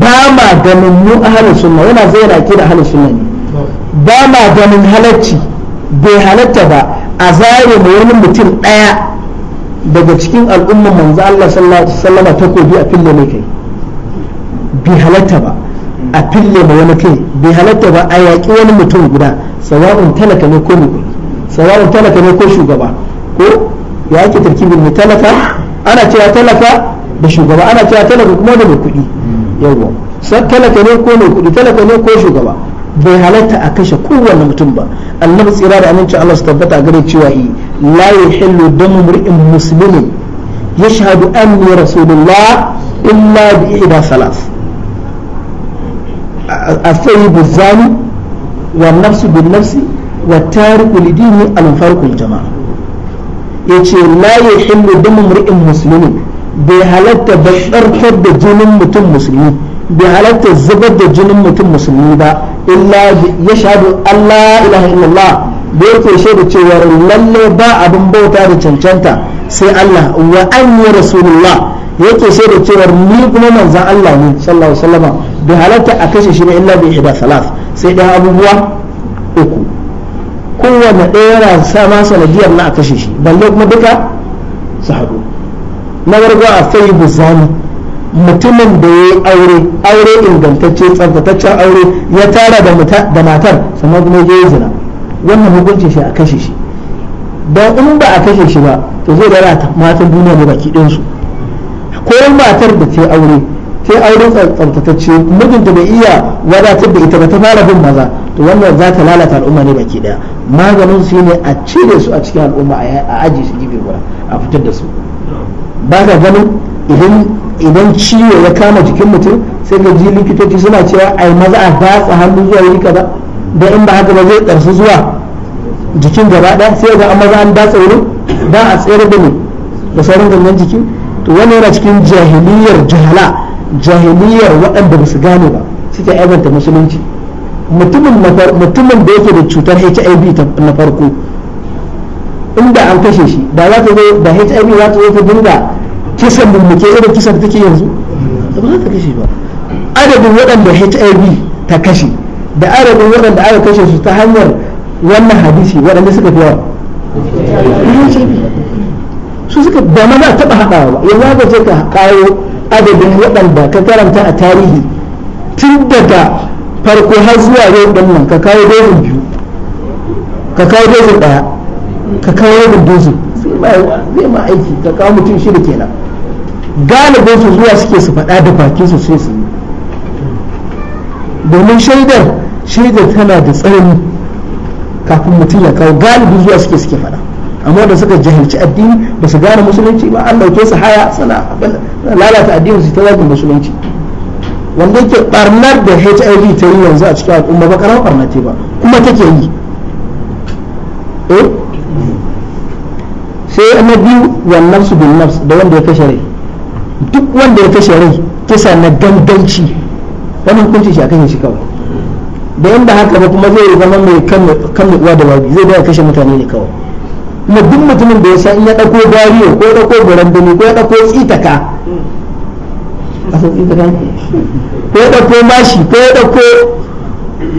ba ma ganin mu ahalin sunna yana zai raki da ahalin sunna ne ba ma ganin halacci bai halatta ba a zare ma wani mutum ɗaya daga cikin al'ummar manzo Allah sallallahu alaihi wasallam takobi a fille mai kai bai halatta ba a fille ma wani kai bai halatta ba a yaƙi wani mutum guda sawa'un talaka ne ko mutum sawa'un talaka ne ko shugaba ko ya ake tarkibin talaka ana cewa talaka da shugaba ana cewa talaka kuma da mai kuɗi yawa sai talaka ne ko mai kudi talaka ne ko shugaba bai halatta a kashe kowanne mutum ba annabi tsira da aminci Allah su tabbata gare cewa yi la yuhillu damu mur'in muslimin yashhadu anni rasulullah illa bi ida salas الثيب الزاني والنفس بالنفس والتارك لدينه الفرق الجماعة yace la ya hillu damu mur'in muslimin bai halatta ba tsarkar da jinin mutum musulmi bai halatta zubar da jinin mutum musulmi ba illa ya shahadu Allah ilaha illallah da yake shaida cewa lalle ba abin bauta da cancanta sai Allah wa an anni rasulullah yake shaida cewa ni kuma manzan Allah ne sallallahu alaihi bai halatta a kashe shi ne illa bi ida salas sai dan abubuwa uku kowanne ɗaya yana sa ma sanadiyar na a kashe shi balle kuma duka su haɗu na farko a sai bisani mutumin da ya yi aure aure ingantacce tsabtataccen aure ya tara da matar sannan kuma ya zina wannan hukunci shi a kashe shi don in ba a kashe shi ba to zai dara matan duniya ne baki ɗin su ko matar da ta aure ta aure tsabtatacce mijinta bai iya wadatar da ita ba ta fara bin maza to wannan za ta lalata al'umma ne baki ɗaya maganin su ne a cire su a cikin al'umma a aji su gibe gura a fitar da su ba ka ganin idan ciwo ya kama jikin mutum sai ka ji likitoci suna cewa ai maza a datsa hannu zuwa wuri kaza da in ba haka ba zai karsu zuwa jikin gaba daya sai ga maza an datsa wuri ba a tsere da ne da sauran gangan jiki to wani yana cikin jahiliyar jahala jahiliyar waɗanda ba su gane ba suke aibanta musulunci mutumin da yake da cutar hiv na farko inda an kashe shi ba za ta zo da hiv za ta zo ta dinga kisan bulmuke irin kisan take yanzu ba za ta kashe ba adadin waɗanda hiv ta kashe da adadin waɗanda aka kashe su ta hanyar wannan hadisi waɗanda suka fi yawa su suka ba ma za a taɓa haɗawa ba yanzu haka ce ka kawo adadin waɗanda ka karanta a tarihi tun daga farko har zuwa yau ɗin nan ka kawo dozin biyu ka kawo dozin ɗaya ka kawo dozin zai ma aiki ka kawo mutum shida kenan galibin su zuwa suke su faɗa da bakin su sai su domin shaidar shaidar tana da tsanani kafin mutum ya kawo galibin zuwa suke suke faɗa amma da suka jahilci addini ba su gane musulunci ba an dauke su haya suna lalata addini su ta zagin musulunci wanda ke barnar da hiv ta yi yanzu a cikin al'umma ba karamar barna ce ba kuma take yi eh? sai na biyu wannan su bin da wanda ya kashe rai duk wanda ya kashe rai kisa na ganganci wani hukunci shi a kashe shi kawai da yadda haka ba kuma zai zama mai kan uwa da babi zai daga kashe mutane ne kawai kuma duk mutumin da ya san in ya dako gariyo ko ya ɗauko gurambini ko ya ɗauko tsitaka ko ya ɗauko mashi ko ya ɗauko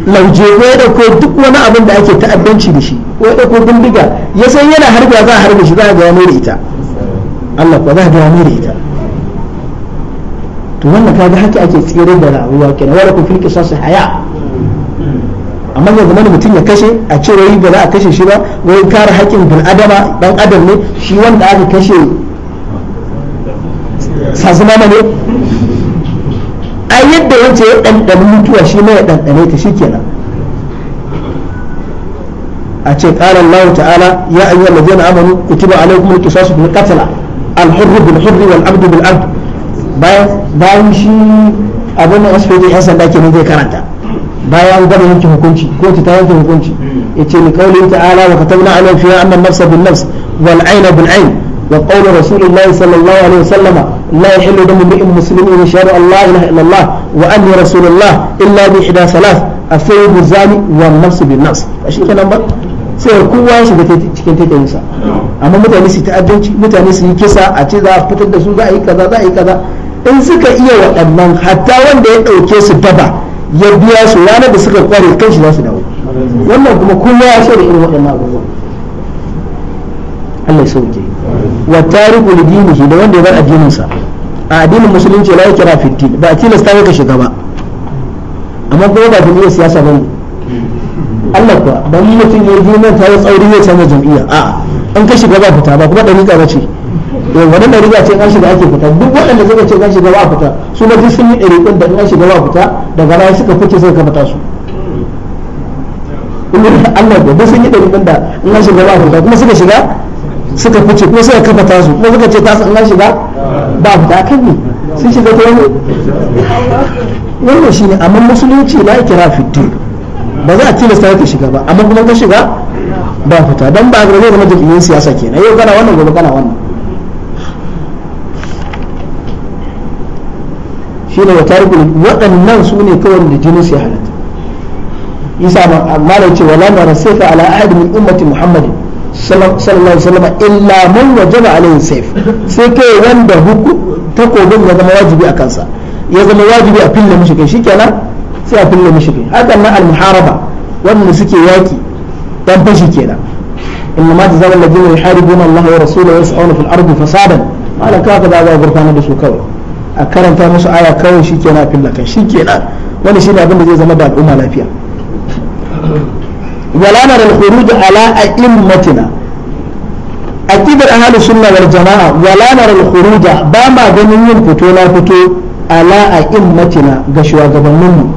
lauje ko ya ɗauko duk wani abin da ake ta'addanci da shi ko ya ɗauko bindiga ya san yana harbi za a harbe shi za a gaya mai da ita Allah ko za a gaya mai da ita to wannan kaga haka ake tsere da rayuwa kenan wala kun fil qisas haya amma ya zama mutum ya kashe a ce wai ba za a kashe shi ba wai kare haƙƙin bin adama dan adam ne shi wanda aka kashe sazuma ne ai yadda yace ya ɗanɗani mutuwa shi ma ya ɗanɗane ta shikenan a ce ƙara Allah ta'ala ya ayyuhal ladina amanu kutiba alaykumul qisasu bil qatl al hurr bil hurr wal abd bil abd bayan shi abin da asibiti yan sanda ke zai karanta bayan gaba yanke hukunci ko ta yanke hukunci ya ce ni kaulin ta'ala wa katabna alayhi fiha anna nafsa bin nafs wal ayna bil ayn wa qawl rasulullah sallallahu alaihi wasallam la yahillu damu bi muslimin wa an la ilaha illa allah wa anni rasulullah illa bi ihda salas asayyid zani wan nafs bin nafs shi kenan ba sai kowa ya shiga cikin taitayinsa amma mutane su ta'addanci mutane su yi kisa a ce za a fitar da su za a yi kaza za a yi kaza in suka iya waɗannan hatta wanda ya ɗauke su daba ya biya su ranar da suka kware kan shi za su dawo wannan kuma kuma ya shaida irin waɗannan abubuwa Allah ya sauke wa tariku li dinihi da wanda ya bar addininsa a addinin musulunci la yakra fi ba a tilasta ka shiga ba amma kuma ba ta siyasa ba ne Allah kuwa ba mutum ya yi ta yi tsauri ya canza jam'iyya a'a an ka shiga ba fita ba kuma ɗariƙa ba ce da eh, wani mai riga ce an shiga ake fita duk waɗanda suka ce an shiga ba fita su ma sun yi ɗariƙun da an shiga ba fita daga baya suka fice suka kafa tasu Allah da duk sun yi ɗariƙun da an shiga ba fita kuma suka shiga suka fice kuma suka kafa tasu kuma suka ce tasu an shiga ba fita kan ne sun shiga ta wani wannan ne amma musulunci na ikra fi ba za a tilasta ka shiga ba amma kuma ka shiga ba fita don ba ga zama jam'iyyar siyasa kenan yau kana wannan gobe kana wannan shi ne wata waɗannan su ne kawai da jinin sai halatta isa ma amma da ce wala na rasaifa ala ahad min ummati muhammadin sallallahu alaihi wasallam illa man wajaba alaihi saif sai kai wanda takobin ya zama wajibi a kansa ya zama wajibi a fille mishi kai shikenan sai a fille mishi kai hakan na al-muharaba wanda suke yaki dan fashi kenan inna ma jazaa'u alladhina yuharibuna Allah wa rasulahu yas'una fil ardi fasadan ma la kafa da za gurfana da su kawai a karanta musu aya kawai shi kenan fillakan shi kenan wani shi ne abin da zai zama da al'umma lafiya wala na al khuruj ala a'immatina aqidar ahli sunna wal jamaa wala na da khuruj ba ma ganin yin fito na fito ala a'immatina ga shugabannin mu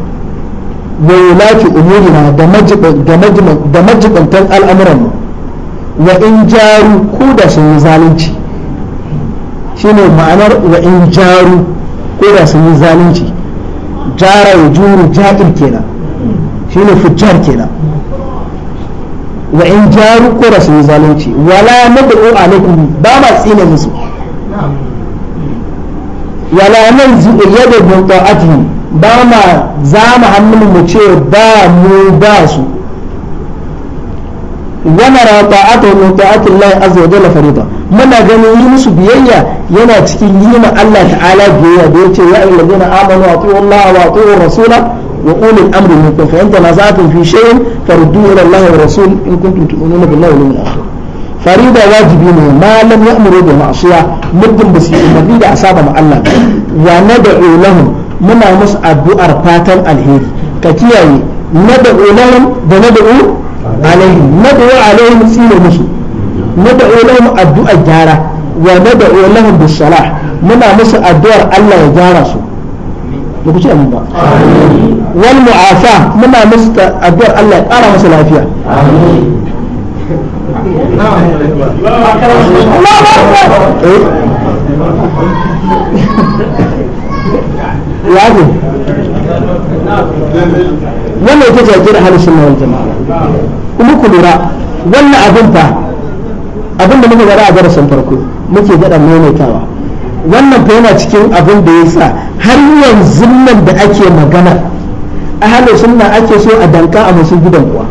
wa yulaki umurina da majibin da majibantan al'amuran mu wa in jaru ko da sun yi zalunci shine ma'anar wa in jaru ko da sun yi zalunci jara ya juru ja'ir kenan shine fujjar kenan wa in jaru ko da sun yi zalunci wala nad'u alaikum ba ma tsina musu wala nanzu yadda bin ta'atihim ba ma za mu hannun mu ce ba mu ba su ونرى طاعته من طاعة azo عز وجل فريضة muna ganin yi musu biyayya yana cikin yi ma Allah ta'ala biyayya da yace ya ayyuhal ladina amanu atiiu Allah wa atiiu rasula wa ulil amri minkum fa in tanaza'tum fi shay'in farudduhu ila Allah wa rasul in kuntum tu'minuna billahi wal yawmil akhir farida wajibi ne ma lam ya'muru bil ma'siyah muddin basu umarni da asaba ma Allah wa nad'u lahum muna musu addu'ar fatan alheri ka kiyaye nad'u lahum da nad'u alaihim nad'u alaihim sine musu nad'u lahum addu'a gyara wa nad'u lahum bis salah muna musu addu'ar Allah ya gyara su ba ku ce amin ba wal mu'afa muna wannan ita ce ajiyar halin sunan jama'a kuma ku wannan abin ta. abin da muka gada a darasin farko muke gada maimaitawa wannan fa yana cikin abin da ya sa har yanzu nan da ake magana a halin sunna ake so a danka a musu gidan kuwa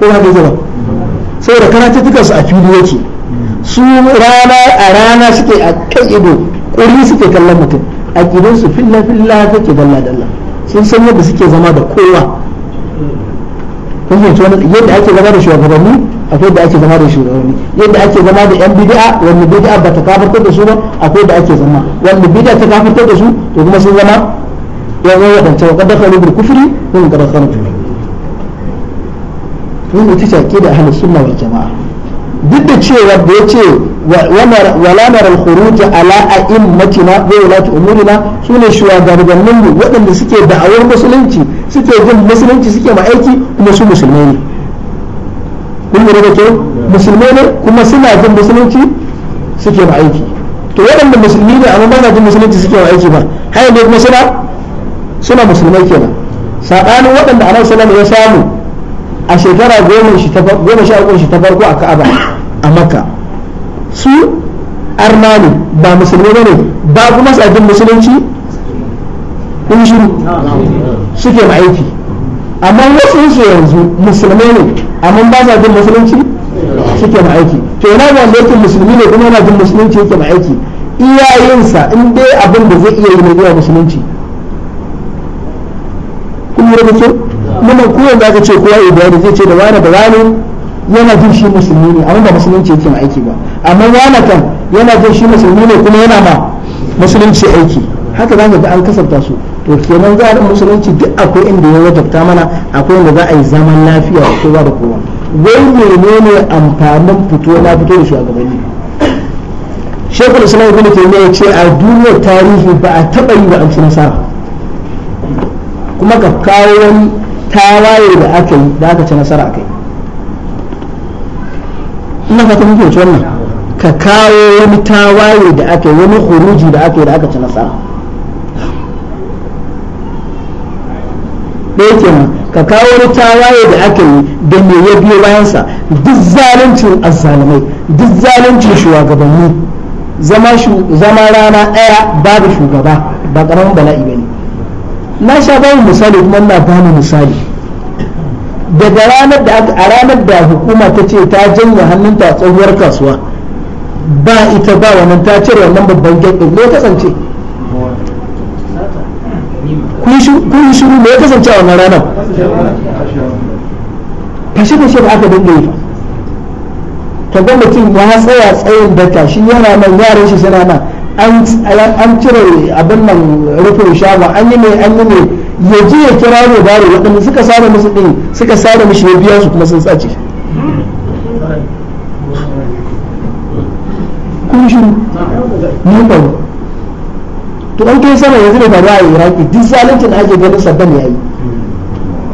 ko ba zai ba saboda karatuttukan su a fili yake su rana a rana suke a kai ido ƙuri suke kallon mutum a gidan su filla filla take dalla dalla sun san yadda suke zama da kowa kun fahimci yadda ake zama da shugabanni akwai da ake zama da shugabanni yadda ake zama da yan bid'a wanda bid'a ba ta kafartar da su ba akwai da ake zama wanda bid'a ta kafartar da su to kuma sun zama ya zo wadanta wa kaddaka ne bil kufri ko in kaddaka ne mun ita ce da ahlus sunna wal jamaa duk da cewa da yace la nara al khuruj ala a'immatina wa ulati umurina sune shugabannin mu wadanda suke da'awar musulunci suke jin musulunci suke ma aiki kuma su musulmai ne kun lura da kyau musulmai ne kuma suna jin musulunci suke ba aiki to waɗanda musulmi ne amma ba jin musulunci suke ba aiki ba haya ne kuma suna suna musulmai kenan saɓanin waɗanda annabi sallallahu ya samu a shekara goma shi sha uku shi ta farko a Ka'aba a Makka su arna ne ba ne ne ba kuma sa jin musulunci kun shiru suke ma aiki amma wasu su yanzu musulmai ne amma ba sa jin musulunci suke ma aiki to yana ba wanda yake musulmi ne kuma yana jin musulunci yake ma aiki iyayensa in dai abin da zai iya yi ne zuwa musulunci kun yi rubutu muna kuwa da aka ce kowa ibrahim zai ce da wani da wani yana jin shi musulmi ne amma ba musulunci yake ma aiki ba amma wani kan yana jin shi musulmi ne kuma yana ma musulunci aiki haka za ka ga an kasanta su to kenan tsarin musulunci duk akwai inda ya wajabta mana akwai inda za a yi zaman lafiya da kowa da kowa wai menene amfanin fito na fito da shugabanni shekul islam ibn taymiya ya ce a duniyar tarihi ba a taba yi ba an ci nasara kuma ka kawo wani tawaye da aka yi da aka ci nasara akai ina fata muke wannan ka kawo wani tawaye da aka yi wani huruji da aka yi da aka ci nasara ɗaya ma ka kawo wani tawaye da aka yi da me ya biyo bayansa duk zaluncin azzalumai duk zaluncin shugabanni zama rana ɗaya babu shugaba ba ƙaramin bala'i ba ne na sha bayan misali kuma na bani misali daga ranar da a ranar da hukuma ta ce ta janye hannunta a tsohuwar kasuwa ba ita ba wannan ta cire wannan babban gate ne kasance kun yi shiru me ya kasance a wannan ranar fashe fashe da aka dinga yi ka ga mutum ya tsaya tsayin daka shi yana nan yaran shi suna nan an cire abin nan rufin shagon an yi mai an yi mai ya ji ya kira ne baro waɗanda suka sada musu ɗin suka sada mishi ya biya su kuma sun tsace kun shiru ne ba to an kai sama yanzu ne ba za a yi iraki duk zalincin da ake ganin saddam ya yi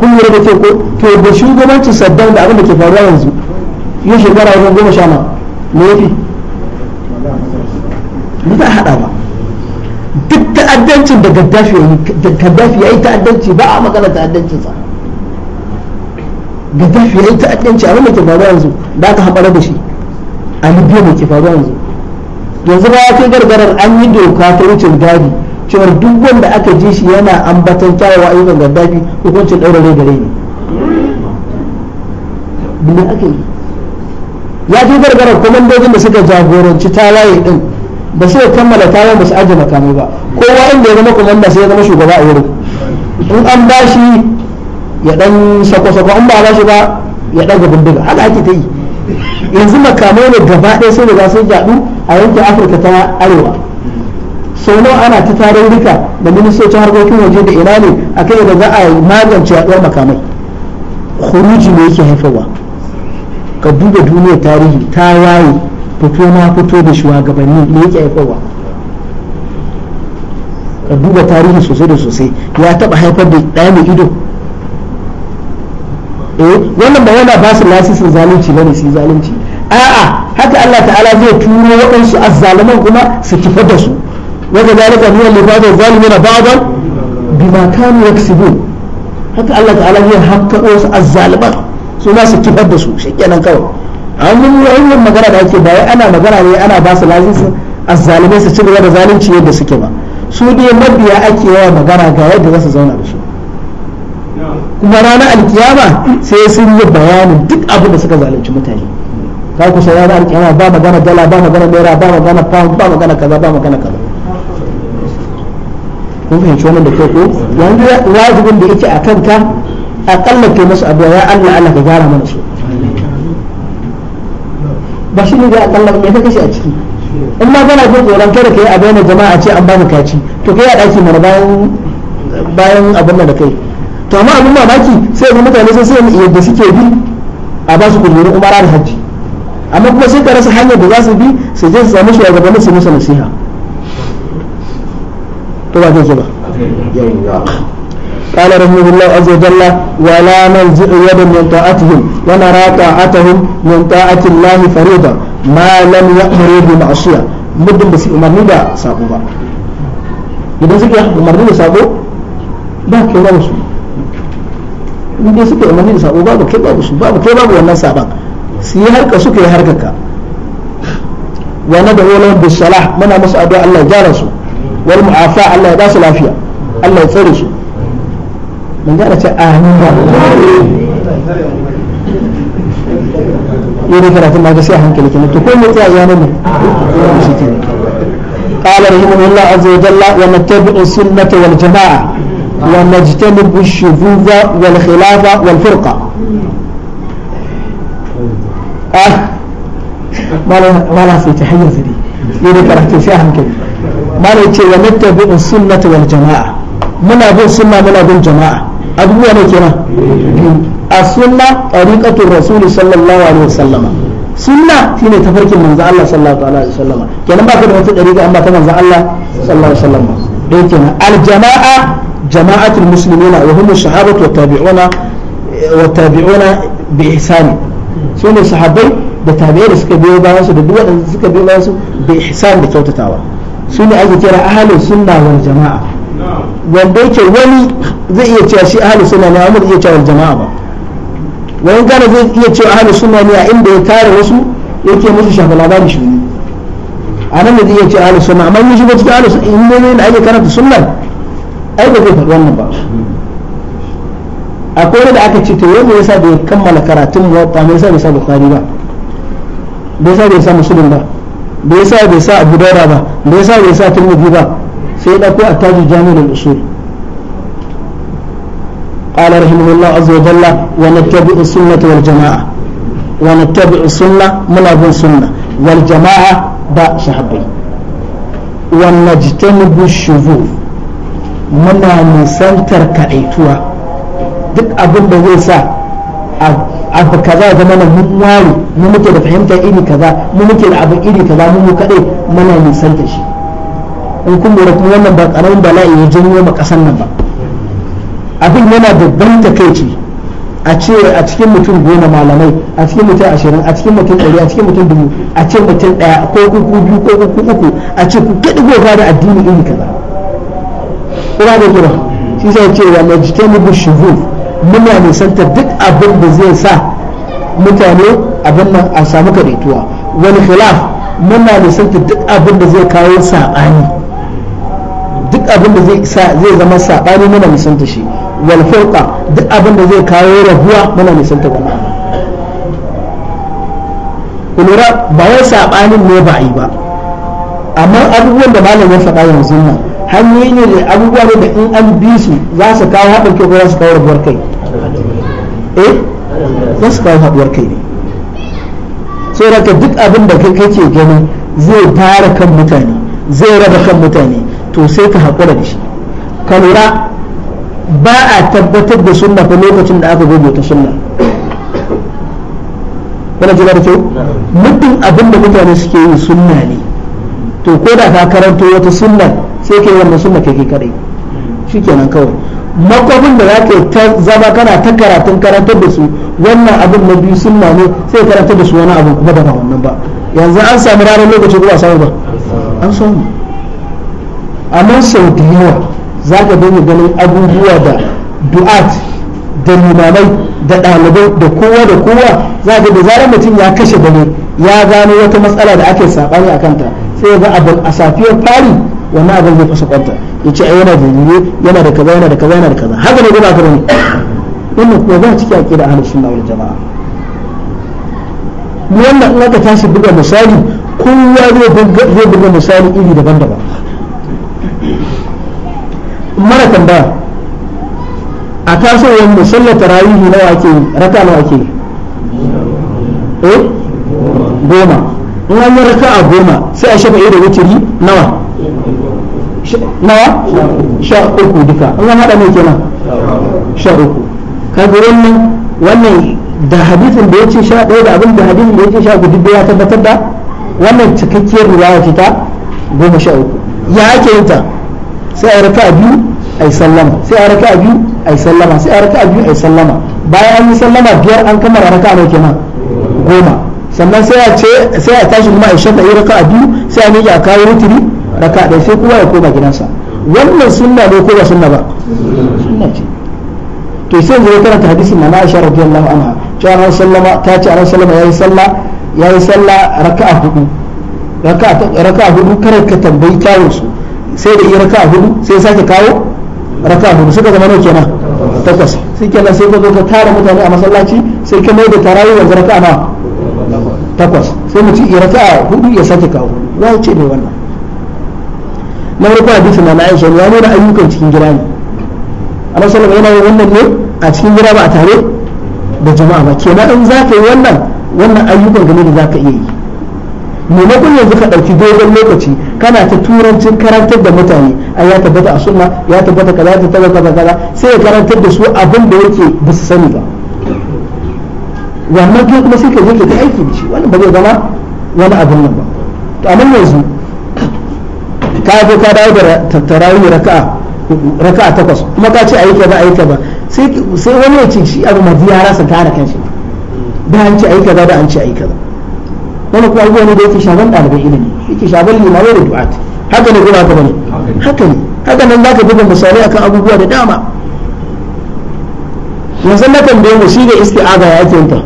kun lura da ke ko to da shugabancin saddam da abin da ke faruwa yanzu yin shekara wajen goma sha ma me yafi ba za a haɗa ba duk ta'addancin da gaddafi ya yi ta'addanci ba a magana sa gaddafi ya yi ta'addanci abin da ke faruwa yanzu da aka haɓar da shi a libya da ke faruwa yanzu yanzu ba kai gargarar an yi doka ta wucin gadi cewar duk wanda aka ji shi yana ambaton kyawawa ayyukan gaddafi hukuncin ɗaura rai da rai ne bin aka yi ya fi gargarar kwamandojin da suka jagoranci talaye din ba su kammala tawayen ba su aji makamai ba kowa inda ya zama kwamanda sai ya zama shugaba a wurin in an ba shi ya dan sako-sako an ba ba shi ba ya ɗaga bindiga haka ake ta yi yanzu makamai ne gaba ɗaya da za sun jaɗu a yankin afirka ta arewa sau nawa ana ta tarurruka da ministocin harkokin waje da ina ne a kai da za a magance yaɗuwar makamai huruji ne yake haifarwa ka duba duniyar tarihi ta waye fito na fito da shugabanni ne yake haifarwa ka duba tarihi sosai da sosai ya taɓa haifar da ɗaya mai ido eh wannan ba yana ba su lasisin zalunci bane su zalunci a'a haka Allah ta'ala zai turo waɗansu azzaluman kuma su kifar da su wanda zalika ne wanda ba'da zalimina ba'dan bima kanu yaksibun haka Allah ta'ala zai hakkado su azzaluman su ma su kifar da su shekenan kawai an yi wannan magana da ake bayan ana magana ne ana ba su lasisin azzalumai su ci gaba da zalunci yadda suke ba su dai mabiya ake yawa magana ga yadda za su zauna da su kuma ranar alkiyama sai sun yi bayanin duk abin da suka zalunci mutane ka kusa ranar alkiyama ba magana dala ba magana naira ba magana pound ba magana kaza ba magana kaza kun fahimci wannan da kyau ko yanzu wajibin da yake a kanka akalla ke musu abuwa ya Allah Allah ka gyara mana su ba shi ne da akalla me ka shi a ciki in ma kana jin tsoron kada ka yi a bayyana jama'a ce an ba mu kaci to kai a daki mana bayan bayan abin da kai to amma abin mamaki sai ga mutane sai sai yadda suke bi a ba su kujerun umara da hajji amma kuma sai ka rasa hanyar da za su bi su je su samu shugabannin su musu nasiha to ba zai ba قال رحمه الله عز وجل ولا نلجئ يدا من طاعتهم ونرى طاعتهم من طاعة الله فريضة ما لم يأمروا بمعصية مدن بس أمرني دا سابوا إذا سكي أمرني دا سابوا باكي الله مسلم in dai suka umarni da sabo babu kai babu su babu kai babu wannan saban su yi harka suka yi harkarka wa na da wala bi salah muna musu addu'a Allah ya gyara su wal mu'afa Allah ya ba su lafiya Allah ya tsare su mun gyara ce amin ba yau da karatun ma ga sai hankali kenan to ko mu tsaya ya nan ne قال رحمه الله عز وجل ونتبع السنة والجماعة ونجتنب الشذوذ والخلاف والفرقة أه ما لا في تحية ذي يدك راح تفهم كده ما لا يتي ونتبع السنة والجماعة منا بو السنة منا بو الجماعة أبو أنا كنا السنة طريقة الرسول صلى الله عليه وسلم sunna shine tafarkin manzo Allah sallallahu alaihi wasallam kenan ba ka da wata dariƙa amma ta manzo Allah sallallahu alaihi wasallam dai kenan aljamaa جماعة المسلمين وهم الصحابة والتابعون والتابعون بإحسان سنة الصحابين da tabi'ai da suka biyo bayan su da duk waɗanda suka biyo bayan su da da kyautatawa su ne ake kira ahalin sunna wal jama'a wanda yake wani zai iya cewa shi ahalin sunna ne amma iya cewa jama'a ba wani gane zai iya cewa ahalin sunna ne inda ya tare wasu yake musu shafa labarin amma da ake karanta sunnan ai ba zai faɗi wannan ba akwai wanda aka ce to wanda yasa ya kammala karatun muwatta me yasa bai sa bukhari ba bai sa bai sa Musulun ba bai sa bai sa abu daura ba bai sa bai sa tirmidhi ba sai ya dauko attajul jami'ul usul قال رحمه الله عز وجل ونتبع السنة والجماعة ونتبع السنة من أبو السنة والجماعة باء شهبي ونجتنب الشذوذ muna nisantar kaɗaituwa duk abin da zai sa abu kaza zama na mun ware mu muke da fahimta iri kaza mu muke da abu iri kaza mu mu kaɗai muna nisantar shi in kun lura kuma wannan ba ƙaramin bala'i ya janyo ma ƙasar nan ba abin yana da ban takaici a ce a cikin mutum goma malamai a cikin mutum ashirin a cikin mutum ɗari a cikin mutum dubu a ce mutum ɗaya ko uku biyu ko uku uku a ce ku kaɗi gobe da addini iri kaza kuma da kuma shi sai ce wa najtanibu shuhuf muna santa duk abin da zai sa mutane abin nan a samu karituwa wani khilaf muna santa duk abin da zai kawo sabani duk abin da zai zai zama sabani muna santa shi wal furqa duk abin da zai kawo rabuwa muna santa wannan kulura ba wai sabanin ne ba yi ba amma abubuwan da malam ya faɗa yanzu nan hanyoyi ne da abubuwa ne da in an bi su za su kawo haɗin kai ko za su kawo rabuwar kai eh za su kawo haɗuwar kai ne saboda ka duk abin da kai kake gani zai tara kan mutane zai raba kan mutane to sai ka haƙura da shi ka lura ba a tabbatar da sunna fa lokacin da aka gobe ta sunna kana jira da kyau muddin abin da mutane suke yi sunna ne to ko da ka karanto wata sunna sai ke wannan sunna kake kadai kenan kawai makwabin da zaka ta zama kana ta karatun karantar da su wannan abin na biyu sunna ne sai karantar da su wani abin kuma da wannan ba yanzu an samu ranar lokaci kuma samu ba an samu amma sau da yawa za ka dinga ganin abubuwa da du'at da limamai da ɗalibai da kowa da kowa za ka da zarar mutum ya kashe dare ya gano wata matsala da ake saɓani a kanta sai ga abin a safiyar fari wannan abin zai fasa kwanta ya ce yana da jini yana da kaza yana da kaza yana da kaza haka ne gaba gaba ne wannan kuma ba ciki kira ahlus sunna wal jamaa mu wannan in aka tashi buga misali kowa zai buga misali iri daban-daban mara tambaya a tasowar musallar tarawihi nawa ake raka nawa ake eh goma in an raka a goma sai a shafa'i da wuturi nawa nawa sha uku duka in an haɗa mai kenan sha uku kaga wannan wannan da hadisin da ya sha ɗaya da abin da hadisin da ya sha uku duk ya tabbatar da wannan cikakkiyar riwaya ce ta goma sha uku ya ake yin ta sai a raka'a biyu a yi sallama sai a raka'a biyu a yi sallama sai a raka'a biyu a yi sallama bayan an yi sallama biyar an kammala raka'a mai kenan goma sannan sai a ce sai a tashi kuma a shafa yi raka biyu sai a miƙa kawo wuturi raka ɗaya sai kowa ya koma gidansa wannan sunna ne ko ba sunna ba sunna ce to sai zai karanta hadisin na Aisha radiyallahu anha cewa Annabi sallama ta ce Annabi sallama yayi sallah yayi sallah raka'a hudu raka'a raka'a hudu kare ka tambayi tawon su sai da yi raka'a hudu sai sake kawo raka'a hudu suka zama nawa kenan takwas sai kenan sai ka zo ka tara mutane a masallaci sai ka mai da tarawih yanzu raka'a nawa takwas sai mu ci ya raka hudu ya sake kawo za ce mai wannan na farko hadisi na Aisha ya nuna ayyukan cikin gida ne a sallama yana yin wannan ne a cikin gida ba a tare da jama'a ba kenan in za ka yi wannan wannan ayyukan game da za ka iya yi maimakon yanzu ka ɗauki dogon lokaci kana ta turancin karantar da mutane a ya tabbata a suna ya tabbata kaza ya tabbata kaza sai ya karantar da su abin da yake ba su sani ba wannan kai kuma sai ka je ka ta aiki da shi wannan ba zai zama wani abin nan ba to amma yanzu ka zo ka dawo da tarawih raka'a raka'a takwas kuma ka ce ayi kaza ayi kaza sai sai wani ya ce shi abu mazi ya rasa kare shi da an ce ayi kaza da an ce ayi kaza wannan kuma abubuwa ne da yake shaban ɗalibai ilimi yake shaban limamai da du'at haka ne kuma haka bane haka ne haka nan zaka duba misalai akan abubuwa da dama yanzu na tambaye mu shi da isti'aza ya ake yin ta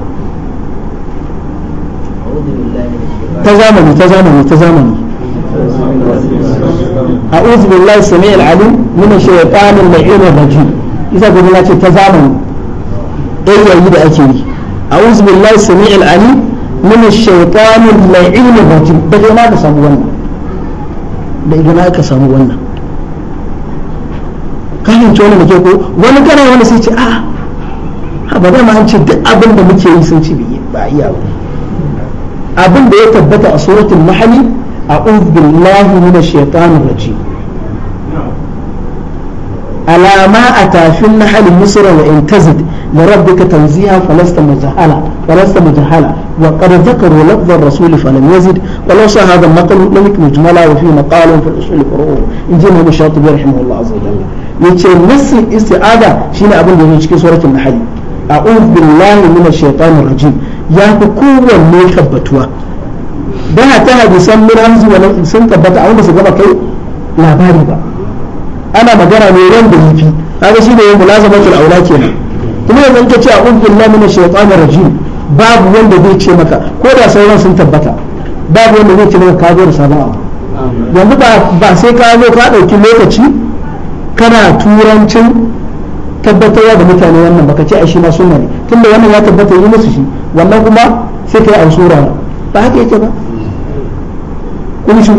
ta zamani ta zamani ta zamani a'udhu billahi al'adu nuna alim min shaytanir la'in rajim isa gudu na ce ta zamani eh yayi da ake yi a'udhu billahi samii al-alim min shaytanir la'in rajim da ma ka samu wannan da ina ka samu wannan kayan tona da ke ko wani kana wani sai ce a ba da ma an ce duk abin da muke yi sun ce ba iya ba abin da ya tabbata المحلي suratul بالله من الشيطان الرجيم ألا ما أتى في النحل مصر وإن تزد لربك تنزيها فلست مجهلا فلست مجهلا وقد ذكروا لفظ الرسول فلم يزد ولو صح هذا النقل لم مجملا وفي مقال في الأصول فروع إن جينا الشاطبي رحمه الله عز وجل يتشي نفس الاستعاذة شين أبن يجيك سورة النحل أعوذ بالله من الشيطان الرجيم ya fi kowanne tabbatuwa Ba ta hadisan min hamzi wa sun tabbata a wanda su gaba kai labari ba ana magana ne wanda yafi kaga shine yin mulazamatul aula kenan kuma yanzu ka ce a ubillahi minash shaitanir rajim babu wanda zai ce maka ko da sauran sun tabbata babu wanda zai ce maka ka zo da yanzu ba sai ka zo ka ɗauki lokaci kana turancin tabbatarwa da mutane wannan baka ce a shi ma sunna ne tunda wannan ya tabbata yi musu shi wannan kuma sai kai ansura ba haka yake ba kun shi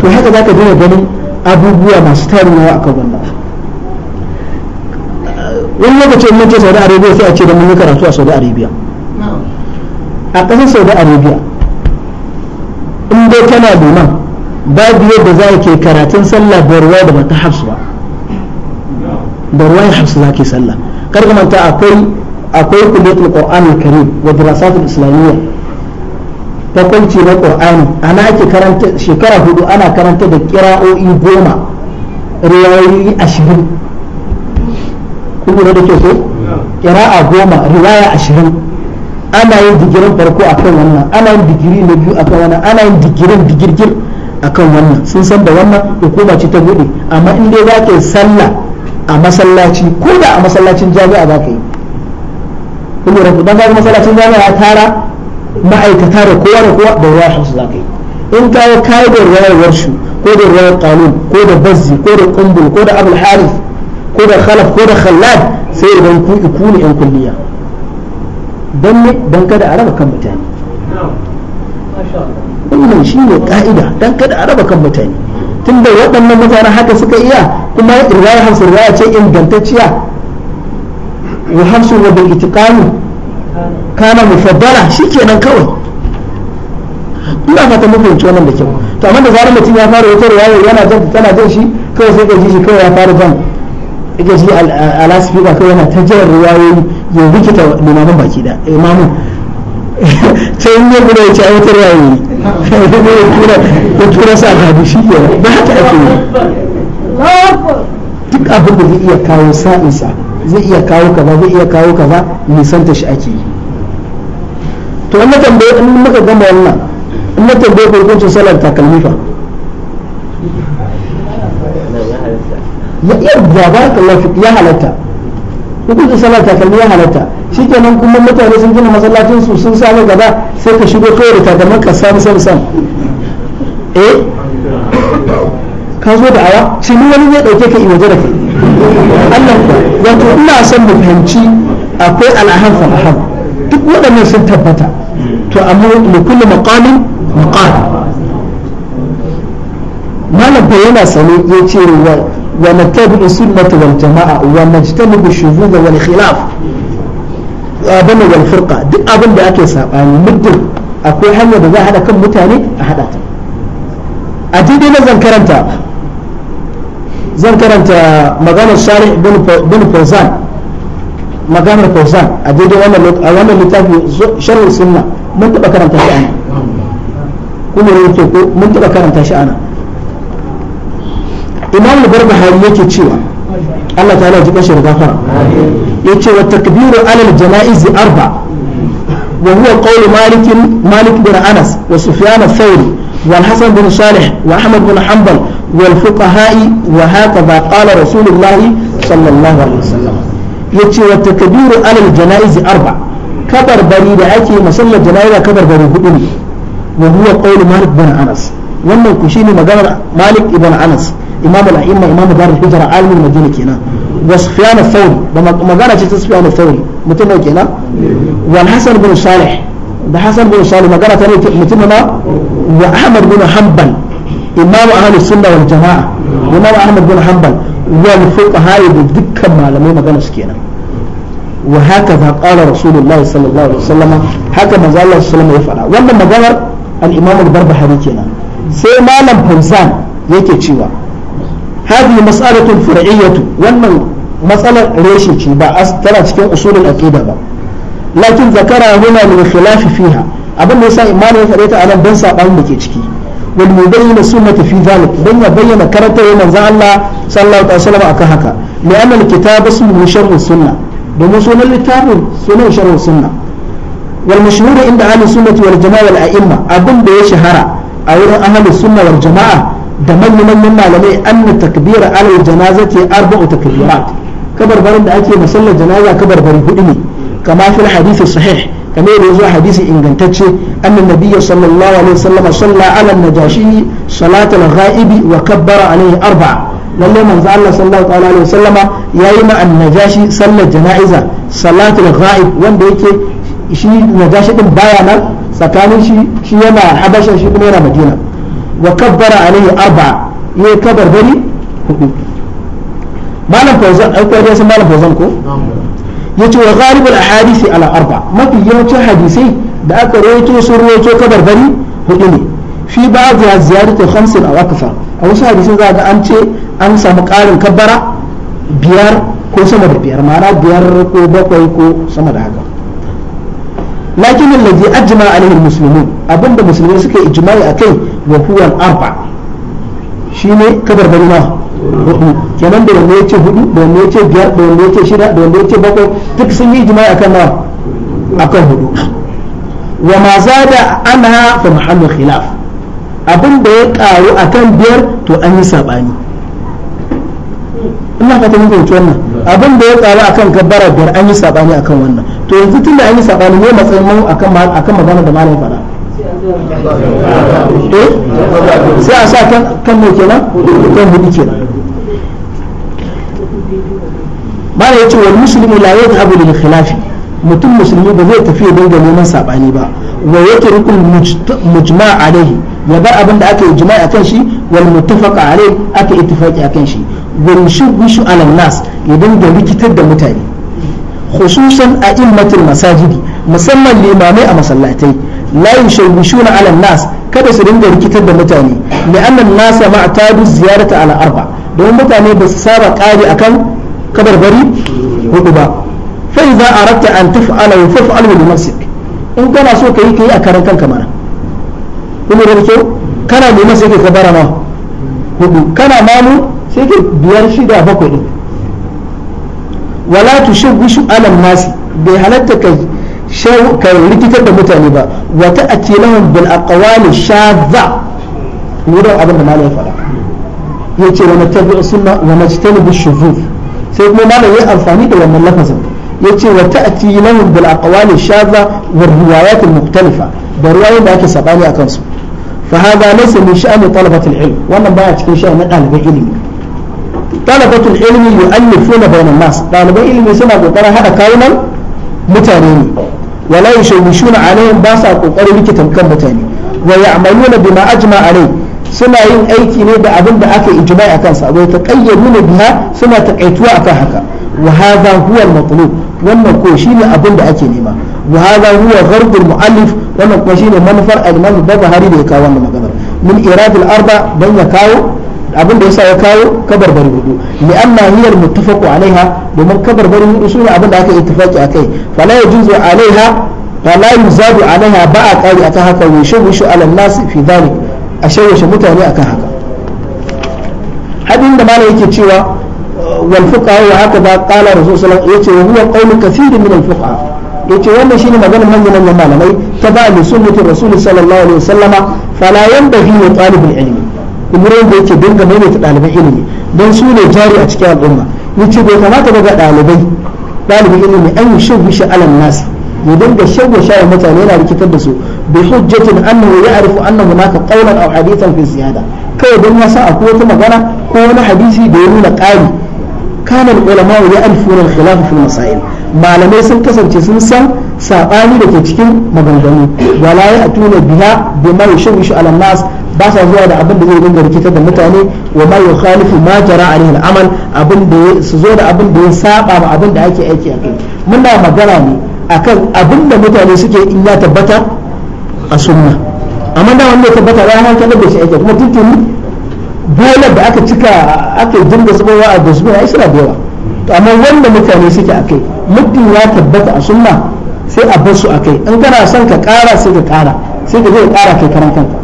to haka za ka dina ganin abubuwa masu a akan wannan wani lokacin mun ce Saudi Arabia sai a ce da mun yi karatu a Saudi Arabia a ƙasar Saudi Arabia in dai tana liman babu yadda za ke karatun sallah da ruwa da mata hafsu ba da ruwa ya hafsu za ke sallah kar ka manta akwai akwai kulletul qur'an al-karim wa dirasat al-islamiyya ta kwanci na qur'ani ana ake karanta shekara hudu ana karanta da kira'o'i goma riwayoyi ashirin kuma da ke ko kira'a goma riwaya ashirin ana yin digirin farko akan wannan ana yin digiri na biyu akan wannan ana yin digirin digirgir akan wannan sun san da wannan hukuma ce ta bude amma in dai za ka yi sallah a masallaci ko da a masallacin jami'a za ka yi saboda ku dan ga masallacin jami'a ya tara ma'aikata da kowa da kowa da ruwa su za ka yi in kawo kayi da ruwayar shu ko da ruwayar kanun ko da bazzi ko da kumbul ko da abul harif ko da khalaf ko da khallad sai idan ku iku ne yan kulliya dan ne dan kada a raba kan mutane wannan shi ne ka'ida dan kada a raba kan mutane tunda waɗannan mutane haka suka iya kuma riwaya hamsin riwaya ce ingantacciya wa hafsu كان مفضلا itiqani kana mufaddala shikenan kawai ina fata wannan da kyau to amma da zarar mutum ya fara wata riwaya yana jan tana jan shi kawai sai ka ji shi kawai ya fara jan ka ji alasfika kawai yana ta jan riwayoyi ya rikita limamin baki da imamu ta yi yin guda ya ci riwaya yayi ya tura sa gadi shi ke ba ta ake yi duk abin da zai iya kawo sa'insa zai iya kawo kaza zai iya kawo kaza nisanta shi ake yi to in tambaye in muka gama wannan in na tambaye hukuncin salar takalmi fa ya ba ka fik ya halatta hukuncin salar takalmi ya halatta shikenan kuma mutane sun gina masallacin su sun samu gaba sai ka shigo kawai da takalmin ka sam sam sam eh ka zo da awa sai ni wani zai dauke ka in waje da kai Allah wato ina son mu fahimci akwai al'aham fa aham duk waɗannan sun tabbata to amma li kulli maqamin maqal malam fa yana sane ya ce wa wa nattabi'u sunnata wal jama'a wa najtanibu shuzuza wal khilaf abana wal firqa duk abin da ake sabani muddin akwai hanya da za a hada kan mutane a hada ta a didi na zan karanta zan karanta maganar shari bin fauzan maganar fauzan a daidai wannan littafi sunna mun taɓa karanta shi ana kuma yake mun taɓa karanta shi ana imam al-barbahari yake cewa Allah ta'ala ya ji da gafara wa takbiru alal janaiz arba wa huwa qawlu malik malik bin anas wa sufyan al-thawri والحسن بن صالح وأحمد بن حنبل والفقهاء وهكذا قال رسول الله صلى الله عليه وسلم يتي والتكبير على الجنائز أربع كبر مسلة كبر وهو قول مالك بن أنس wa Sufyan al-Thawri da magana ce ta Sufyan al-Thawri mutum ne da wa ahmad bin hanbal imam ahlus sunna wal jamaa imam ahmad bin hanbal wal fuqaha da dukkan malamai magana su kenan wa haka za qala rasulullahi sallallahu alaihi wasallam haka manzo Allah sallallahu alaihi ya faɗa wannan maganar al-imam al-barbahari kenan sai malam fauzan yake cewa هذه مسألة فرعية وأن مسألة ريشي ترى تكون أصول ba لكن ذكرها هنا من الخلاف فيها abin da yasa imani ya faɗe ta a nan don da ke ciki wal mubayyana sunnata fi zalik dan ya bayyana karantarwar manzon Allah sallallahu alaihi wasallam akan haka li anna al kitab ismu sharh sunna domin sunan littafin sunan sharh sunna wal mashhur inda ahli sunnati wal jamaa wal a'imma abin da ya shahara a wurin ahli sunna wal jamaa da manyan manyan malamai anna takbira al janazati arba'u takbirat kabarbarin da ake masallar janaza kabarbari hudu ne kama fil hadith sahih kamar da zuwa hadisi ingantacce annan nabiyyu sallallahu alaihi wasallam salla ala najashi salatul ghaibi wa kabbara alaihi arba'a lalle manzo Allah sallallahu alaihi wasallam yayi ma annajashi sallar jana'iza salatul ghaib wanda yake shi najashi din baya nan tsakanin shi shi yana habasha shi kuma yana madina wa kabbara alaihi arba'a yayi kabarbari hudu malam fauzan ai ko dai malam fauzan ko yace wa ghalibul ahadisi ala arba mafi yawancin hadisai da aka rawaito sun rawaito kabarbari hudu ne fi ba ziyaratu khamsin aw akthar a wasu hadisin za ga an ce an samu karin kabbara biyar ko sama da biyar ma'ana biyar ko bakwai ko sama da haka lakin alladhi ajma alaihi almuslimun abinda musulmai suka ijma'i akai wa huwa arba shine kabarbari ma hudu kenan da wanda ce hudu da wanda ce biyar da wanda ce shida da wanda ce bakwai duk sun yi jima'i a kan akan hudu wa ma zada ana fa mahallu khilaf abin da ya karu kan biyar to an yi sabani ina fata muku wuce wannan abin da ya karu kan kabbara biyar an yi sabani kan wannan to yanzu tun da an yi sabani ne matsayin mu a kan magana da malam fara eh? sai a sa kan mai kenan kan hudu kenan ba da musulmi wal muslimu la yadhhabu lil khilafi mutum musulmi ba zai tafi don dinga neman saɓani ba wa yatrukul mujma' alaihi ya bar abin da aka yi jima'i kan shi wal muttafaq alaihi aka a kan shi wa yushbishu ala nas ya dinga rikitar da mutane khususan a immatul masajidi musamman limamai a masallatai la na ala nas kada su dinga rikitar da mutane li anna nasa nas ma'tadu ziyarata ala arba don mutane ba su saba kare akan kabarbari hudu ba fa idza aratta an taf'ala wa fa'al bi nafsik in kana so kai kai a karan kanka mana kuma da kyau kana neman sai kai kabara ma hudu kana malu sai kai biyar shida bakwai din wala tushawwishu ala nasi bai halatta kai ka rikitar da mutane ba wata a ce lahun bil aqwali shadha wurin abin da malai faɗa yace wa natabi'u sunna wa najtanibu shuzuz sai kuma malam ya amfani da wannan lafazin ya ce wa ta'ati lahum bil aqwali shadha wa riwayat al da ruwayoyin da ake sabani akan su fa hada laysa min sha'ani talabat ilm wannan baya cikin sha'anin ɗaliban ilimi talabatul al ilmi yu'allifuna bayna nas ɗaliban ilimi suna kokarin hada kawunan mutane ne wala yushawishuna alaihim ba sa kokarin likitan kan mutane wa ya'maluna bima ajma alaihi suna yin aiki ne da abin da aka ijma a kansa wai ta taqayyadu ne biha suna takaituwa akan haka wa hadha huwa al-matlub wannan ko shine abin da ake nema wa hadha huwa ghard al-muallif wannan ko shine manufar al-imam Bukhari da ya kawo wannan magana min irad al-arba dan ya kawo abin da yasa ya kawo kabarbari hudu li anna hiya al-muttafaqu alaiha domin kabarbari hudu sune abin da aka ittifaki akai fala yajuzu alaiha fala yuzadu alaiha ba a kari akan haka wa yushu ala an-nas fi dhalik a shayyashe mutane akan haka hadin da malam yake cewa wal fuqaha wa haka ba qala rasul sallallahu alaihi wasallam huwa qawlu kathirin min al fuqaha yace wannan shine maganar manyan nan malamai ta ba ni sunnati rasul sallallahu alaihi wasallama fala yanbaghi li talib al ilmi umurin da yake dinga maimaita ɗaliban ilimi don su ne jari a cikin al'umma yace bai kamata daga ɗalibai ɗalibin ilimi an yi shan bishe alam nasi ya da shago shawo mutane yana rikitar da su bi hujjatin annahu ya'rifu anna naka qawlan aw hadithan fi ziyada kai dan ya sa akwai wata magana ko wani hadisi da ya nuna ƙari kana ulama ya alfuna al-khilaf fi masail malamai sun kasance sun san sabani da ke cikin maganganu wala ya atuna biha bima yushawishu ala nas ba sa zuwa da abin da zai dinga rikitar da mutane wa ma yukhalifu ma jara alaihi al-amal abin da su zo da abin da ya saba ma abin da ake aiki a kai magana ne akan abin da mutane suke in ya tabbata a sunna amma da wanda ya tabbata ya hanka da shi ake kuma tuntun dole da aka cika aka dinga sabawa a da sunna suna da yawa to amma wanda mutane suke akai muddin ya tabbata a sunna sai a bar su akai in kana son ka kara sai ka kara sai ka je ka kara kai karan kanka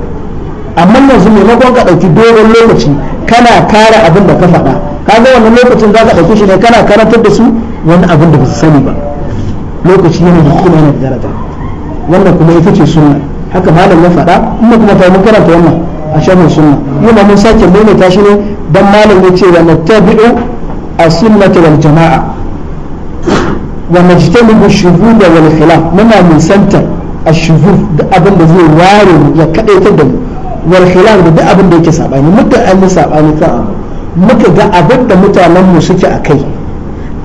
amma yanzu maimakon ka dauki dogon lokaci kana kara abin da ka faɗa kaga wannan lokacin za ka dauki shi ne kana karantar da su wani abin da ba su sani ba lokaci yana da kima yana da daraja wannan kuma ita ce sunna haka malam ya faɗa kuma kuma ta mun karanta wannan a shafin sunna yau ma mun sake maimaita shi ne dan malam ya ce wa nattabi'u as-sunnata wani jama'a wa najtanibu shuhud wani khilaf muna mun santa ashuhud da abin da zai ware mu ya kadaitar da mu wal khilaf da duk abin da yake sabani muka an yi sabani kan abu muka ga abin da mutanen mu suke akai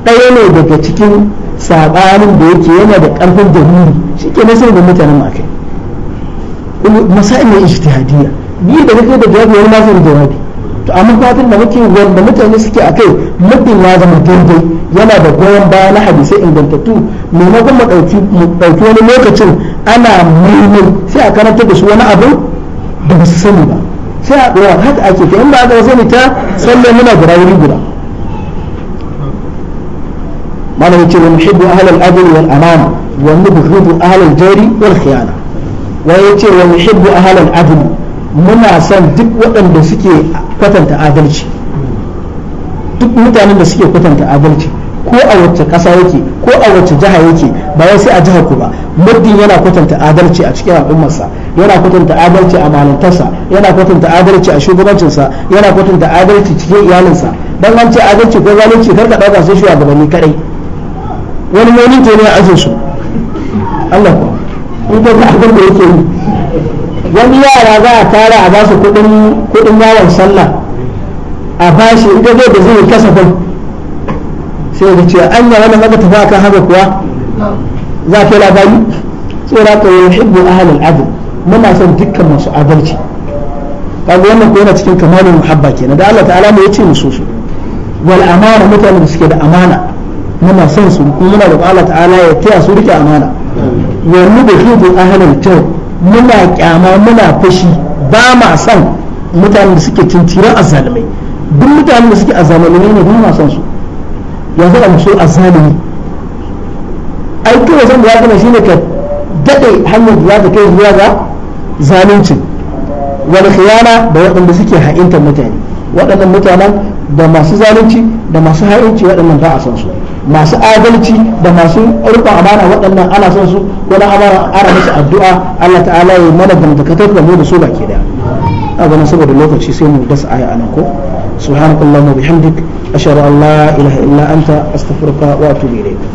ɗaya ne daga cikin sabanin da yake yana da karfin dalili shi ke na da mutanen makai masa'il ne ijtihadiyya ni da nake da jawabi wani masu jawabi to amma fatan da muke wanda mutane suke akai muddin ya zama daidai yana da goyon baya na hadisai ingantattu maimakon mu mu dauki wani lokacin ana maimin sai a karanta da su wani abu da ba su sani ba sai a dora haka ake ta in ba aka sani ta sallar muna guda wuri guda malamin ce wani hibu ahalar adil wal amana wani buhudu ahalar jari wal khiyana wani ya ce wani hibu ahalar adil muna son duk waɗanda suke kwatanta adalci duk mutanen da suke kwatanta adalci ko a wacce ƙasa yake ko a wacce jiha yake ba wai sai a jihar ku ba muddin yana kwatanta adalci a cikin al'ummarsa yana kwatanta adalci a malantarsa yana kwatanta adalci a shugabancinsa yana kwatanta adalci cikin iyalinsa dan an ce adalci ko zalunci kar ka dauka sai shugabanni kaɗai. wani mai ninke ne a ajin su Allah ku in ka ga abin da yake yi wani yara za a tara a basu kudin kuɗin yawon sallah a bashi idan zai da zai kasafin sai da ce an yawa na maka tafi akan haka kuwa za ka yi labari tsira ka yi hibbu ahalin adil muna son dukkan masu adalci kaga wannan ko yana cikin kamalin muhabba kenan da Allah ta'ala ne ya ce musu su wal amana mutanen da suke da amana muna son su kuma muna da Allah ta'ala ya taya su rike amana wa a ahlal kitab muna kyama muna fashi ba ma son mutanen da suke cintiran azzalumai duk mutanen da suke azzalumai ne ba ma son su ya a musu azzalumi ai kawai zan da ya shine ka dade hanyar da za kai zuwa ga zaluncin wani khiyana da waɗanda suke ha'intar mutane waɗannan mutanen da masu zalunci da masu ha'inci waɗannan ba a san su masu adalci da masu rufa amana waɗannan ana son su wani amana ana musu addu'a Allah ta'ala ya mana dangantakar da mu da su ba baki daya a ganin saboda lokaci sai mu dasa aya anan ko subhanakallahumma bihamdik ashhadu an la ilaha illa anta astaghfiruka wa atubu ilayk